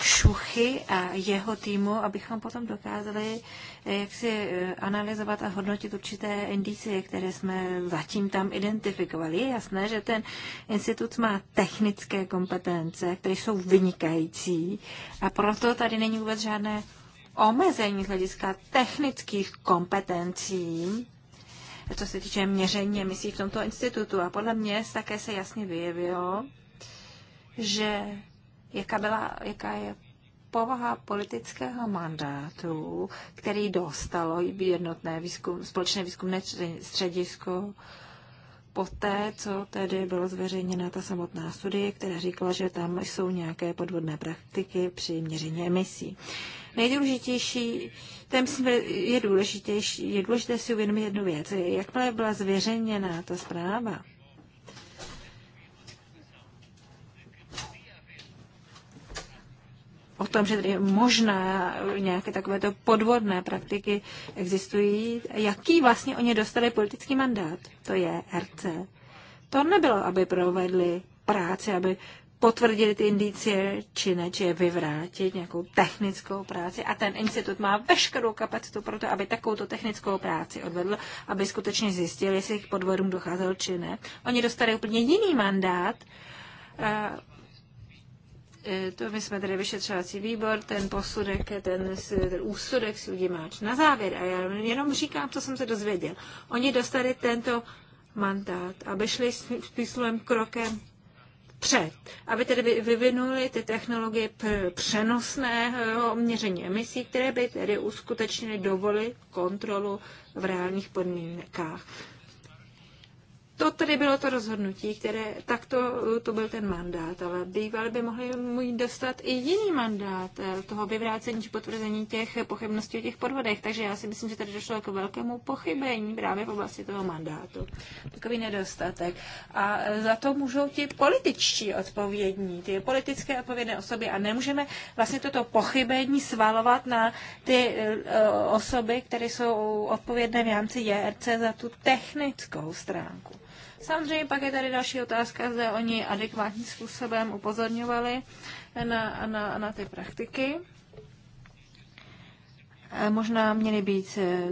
Šuchy a jeho týmu, abychom potom dokázali jak si eh, analyzovat a hodnotit určité indicie, které jsme zatím tam identifikovali. Je jasné, že ten institut má technické kompetence, které jsou vynikající a proto tady není vůbec žádné omezení z hlediska technických kompetencí co se týče měření emisí v tomto institutu. A podle mě také se jasně vyjevilo, že jaká, byla, jaká je povaha politického mandátu, který dostalo jednotné výzkum, společné výzkumné středisko poté, co tedy bylo zveřejněna ta samotná studie, která říkala, že tam jsou nějaké podvodné praktiky při měření emisí nejdůležitější, tam je, důležitější, je důležité si uvědomit jednu věc. Jakmile byla zveřejněna ta zpráva, o tom, že tady možná nějaké takovéto podvodné praktiky existují, jaký vlastně oni dostali politický mandát, to je RC. To nebylo, aby provedli práci, aby potvrdili ty indicie, či ne, či je vyvrátit nějakou technickou práci. A ten institut má veškerou kapacitu pro to, aby takovou technickou práci odvedl, aby skutečně zjistil, jestli k podvodům docházelo, či ne. Oni dostali úplně jiný mandát. E, to my jsme tady vyšetřovací výbor, ten posudek, ten, ten úsudek si udímáč na závěr. A já jenom říkám, co jsem se dozvěděl. Oni dostali tento mandát, aby šli s píslem krokem před, aby tedy vyvinuli ty technologie přenosného měření emisí, které by tedy uskutečnily dovolit kontrolu v reálných podmínkách. To tedy bylo to rozhodnutí, které, tak to, to byl ten mandát, ale bývali by mohli můj dostat i jiný mandát eh, toho vyvrácení či potvrzení těch pochybností o těch podvodech. Takže já si myslím, že tady došlo k velkému pochybení právě v oblasti toho mandátu. Takový nedostatek. A eh, za to můžou ti političtí odpovědní, ty politické odpovědné osoby a nemůžeme vlastně toto pochybení svalovat na ty eh, osoby, které jsou odpovědné v rámci JRC za tu technickou stránku. Samozřejmě pak je tady další otázka, zda oni adekvátním způsobem upozorňovali na, na, na ty praktiky. Eh, možná měly být eh,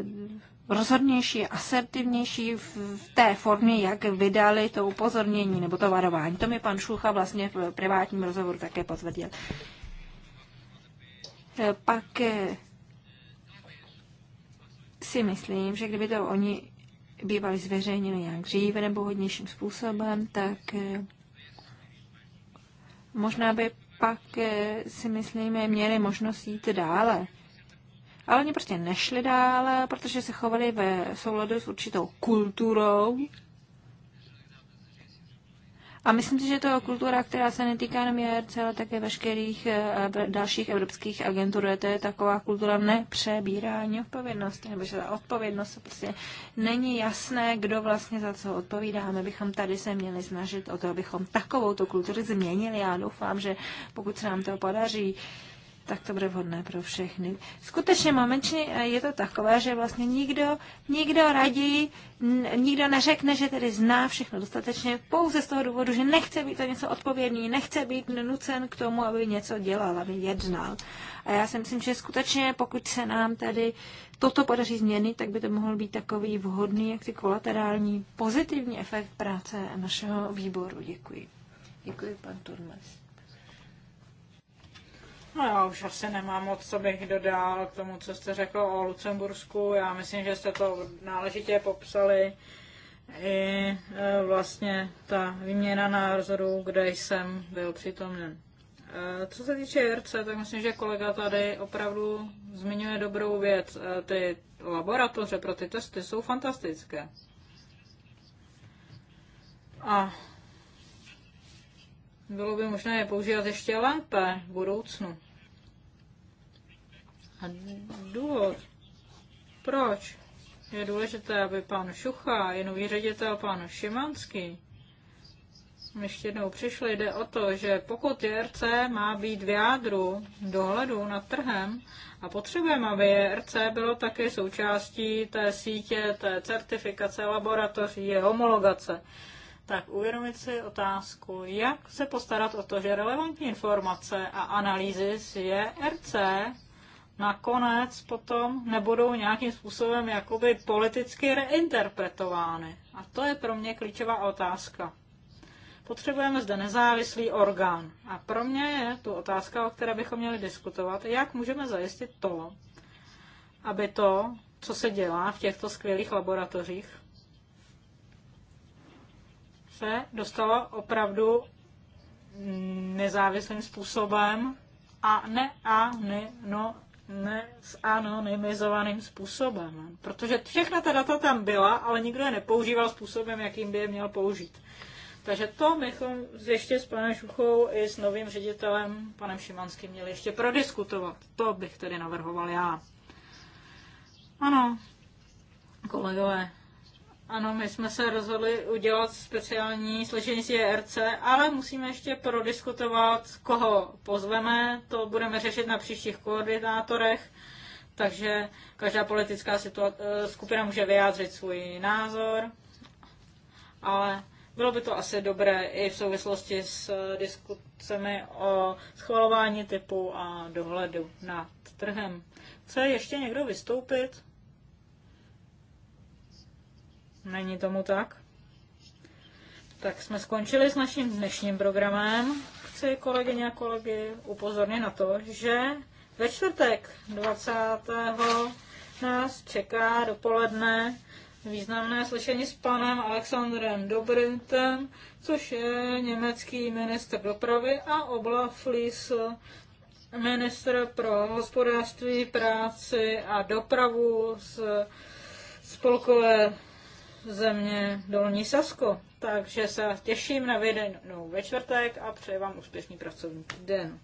rozhodnější, asertivnější v té formě, jak vydali to upozornění nebo to varování. To mi pan Šucha vlastně v privátním rozhovoru také potvrdil. Eh, pak si myslím, že kdyby to oni bývaly zveřejněny nějak dříve nebo hodnějším způsobem, tak eh, možná by pak eh, si myslíme, měli možnost jít dále. Ale oni prostě nešli dále, protože se chovali ve souladu s určitou kulturou, a myslím si, že to je kultura, která se netýká jenom JRC, ale také veškerých eh, dalších evropských agentur. To je taková kultura nepřebírání odpovědnosti, nebo že ta odpovědnost prostě není jasné, kdo vlastně za co odpovídá. My bychom tady se měli snažit o to, abychom takovou tu kulturu změnili. Já doufám, že pokud se nám to podaří, tak to bude vhodné pro všechny. Skutečně momentně eh, je to takové, že vlastně nikdo, nikdo raději, nikdo neřekne, že tedy zná všechno dostatečně pouze z toho důvodu, že nechce být za něco odpovědný, nechce být nucen k tomu, aby něco dělal, aby jednal. A já si myslím, že skutečně pokud se nám tady toto podaří změnit, tak by to mohl být takový vhodný, jak si kolaterální pozitivní efekt práce našeho výboru. Děkuji. Děkuji, pan Turmes. No já už asi nemám moc, co bych dodal k tomu, co jste řekl o Lucembursku. Já myslím, že jste to náležitě popsali. I e, vlastně ta výměna názorů, kde jsem byl přítomen. E, co se týče RC, tak myslím, že kolega tady opravdu zmiňuje dobrou věc. E, ty laboratoře pro ty testy jsou fantastické. A bylo by možné je používat ještě lépe v budoucnu. A důvod, proč je důležité, aby pan Šucha, je nový ředitel pan Šimanský, ještě jednou přišli, jde o to, že pokud JRC má být v jádru dohledu nad trhem a potřebujeme, aby JRC bylo také součástí té sítě, té certifikace laboratoří, je homologace, tak uvědomit si otázku, jak se postarat o to, že relevantní informace a analýzy z JRC nakonec potom nebudou nějakým způsobem jakoby politicky reinterpretovány. A to je pro mě klíčová otázka. Potřebujeme zde nezávislý orgán. A pro mě je tu otázka, o které bychom měli diskutovat, jak můžeme zajistit to, aby to, co se dělá v těchto skvělých laboratořích, se dostala opravdu nezávislým způsobem a ne a ne, no, ne s anonymizovaným způsobem. Protože všechna ta data tam byla, ale nikdo je nepoužíval způsobem, jakým by je měl použít. Takže to bychom ještě s panem Šuchou i s novým ředitelem, panem Šimanským, měli ještě prodiskutovat. To bych tedy navrhoval já. Ano, kolegové, ano, my jsme se rozhodli udělat speciální složení z JRC, ale musíme ještě prodiskutovat, koho pozveme. To budeme řešit na příštích koordinátorech, takže každá politická eh, skupina může vyjádřit svůj názor, ale bylo by to asi dobré i v souvislosti s eh, diskucemi o schvalování typu a dohledu nad trhem. Chce ještě někdo vystoupit? Není tomu tak? Tak jsme skončili s naším dnešním programem. Chci kolegyně a kolegy upozornit na to, že ve čtvrtek 20. nás čeká dopoledne významné slyšení s panem Alexandrem Dobrintem, což je německý ministr dopravy a Olaf Lies, ministr pro hospodářství, práci a dopravu z spolkové země Dolní Sasko. Takže se těším na viděnou ve čtvrtek a přeji vám úspěšný pracovní den.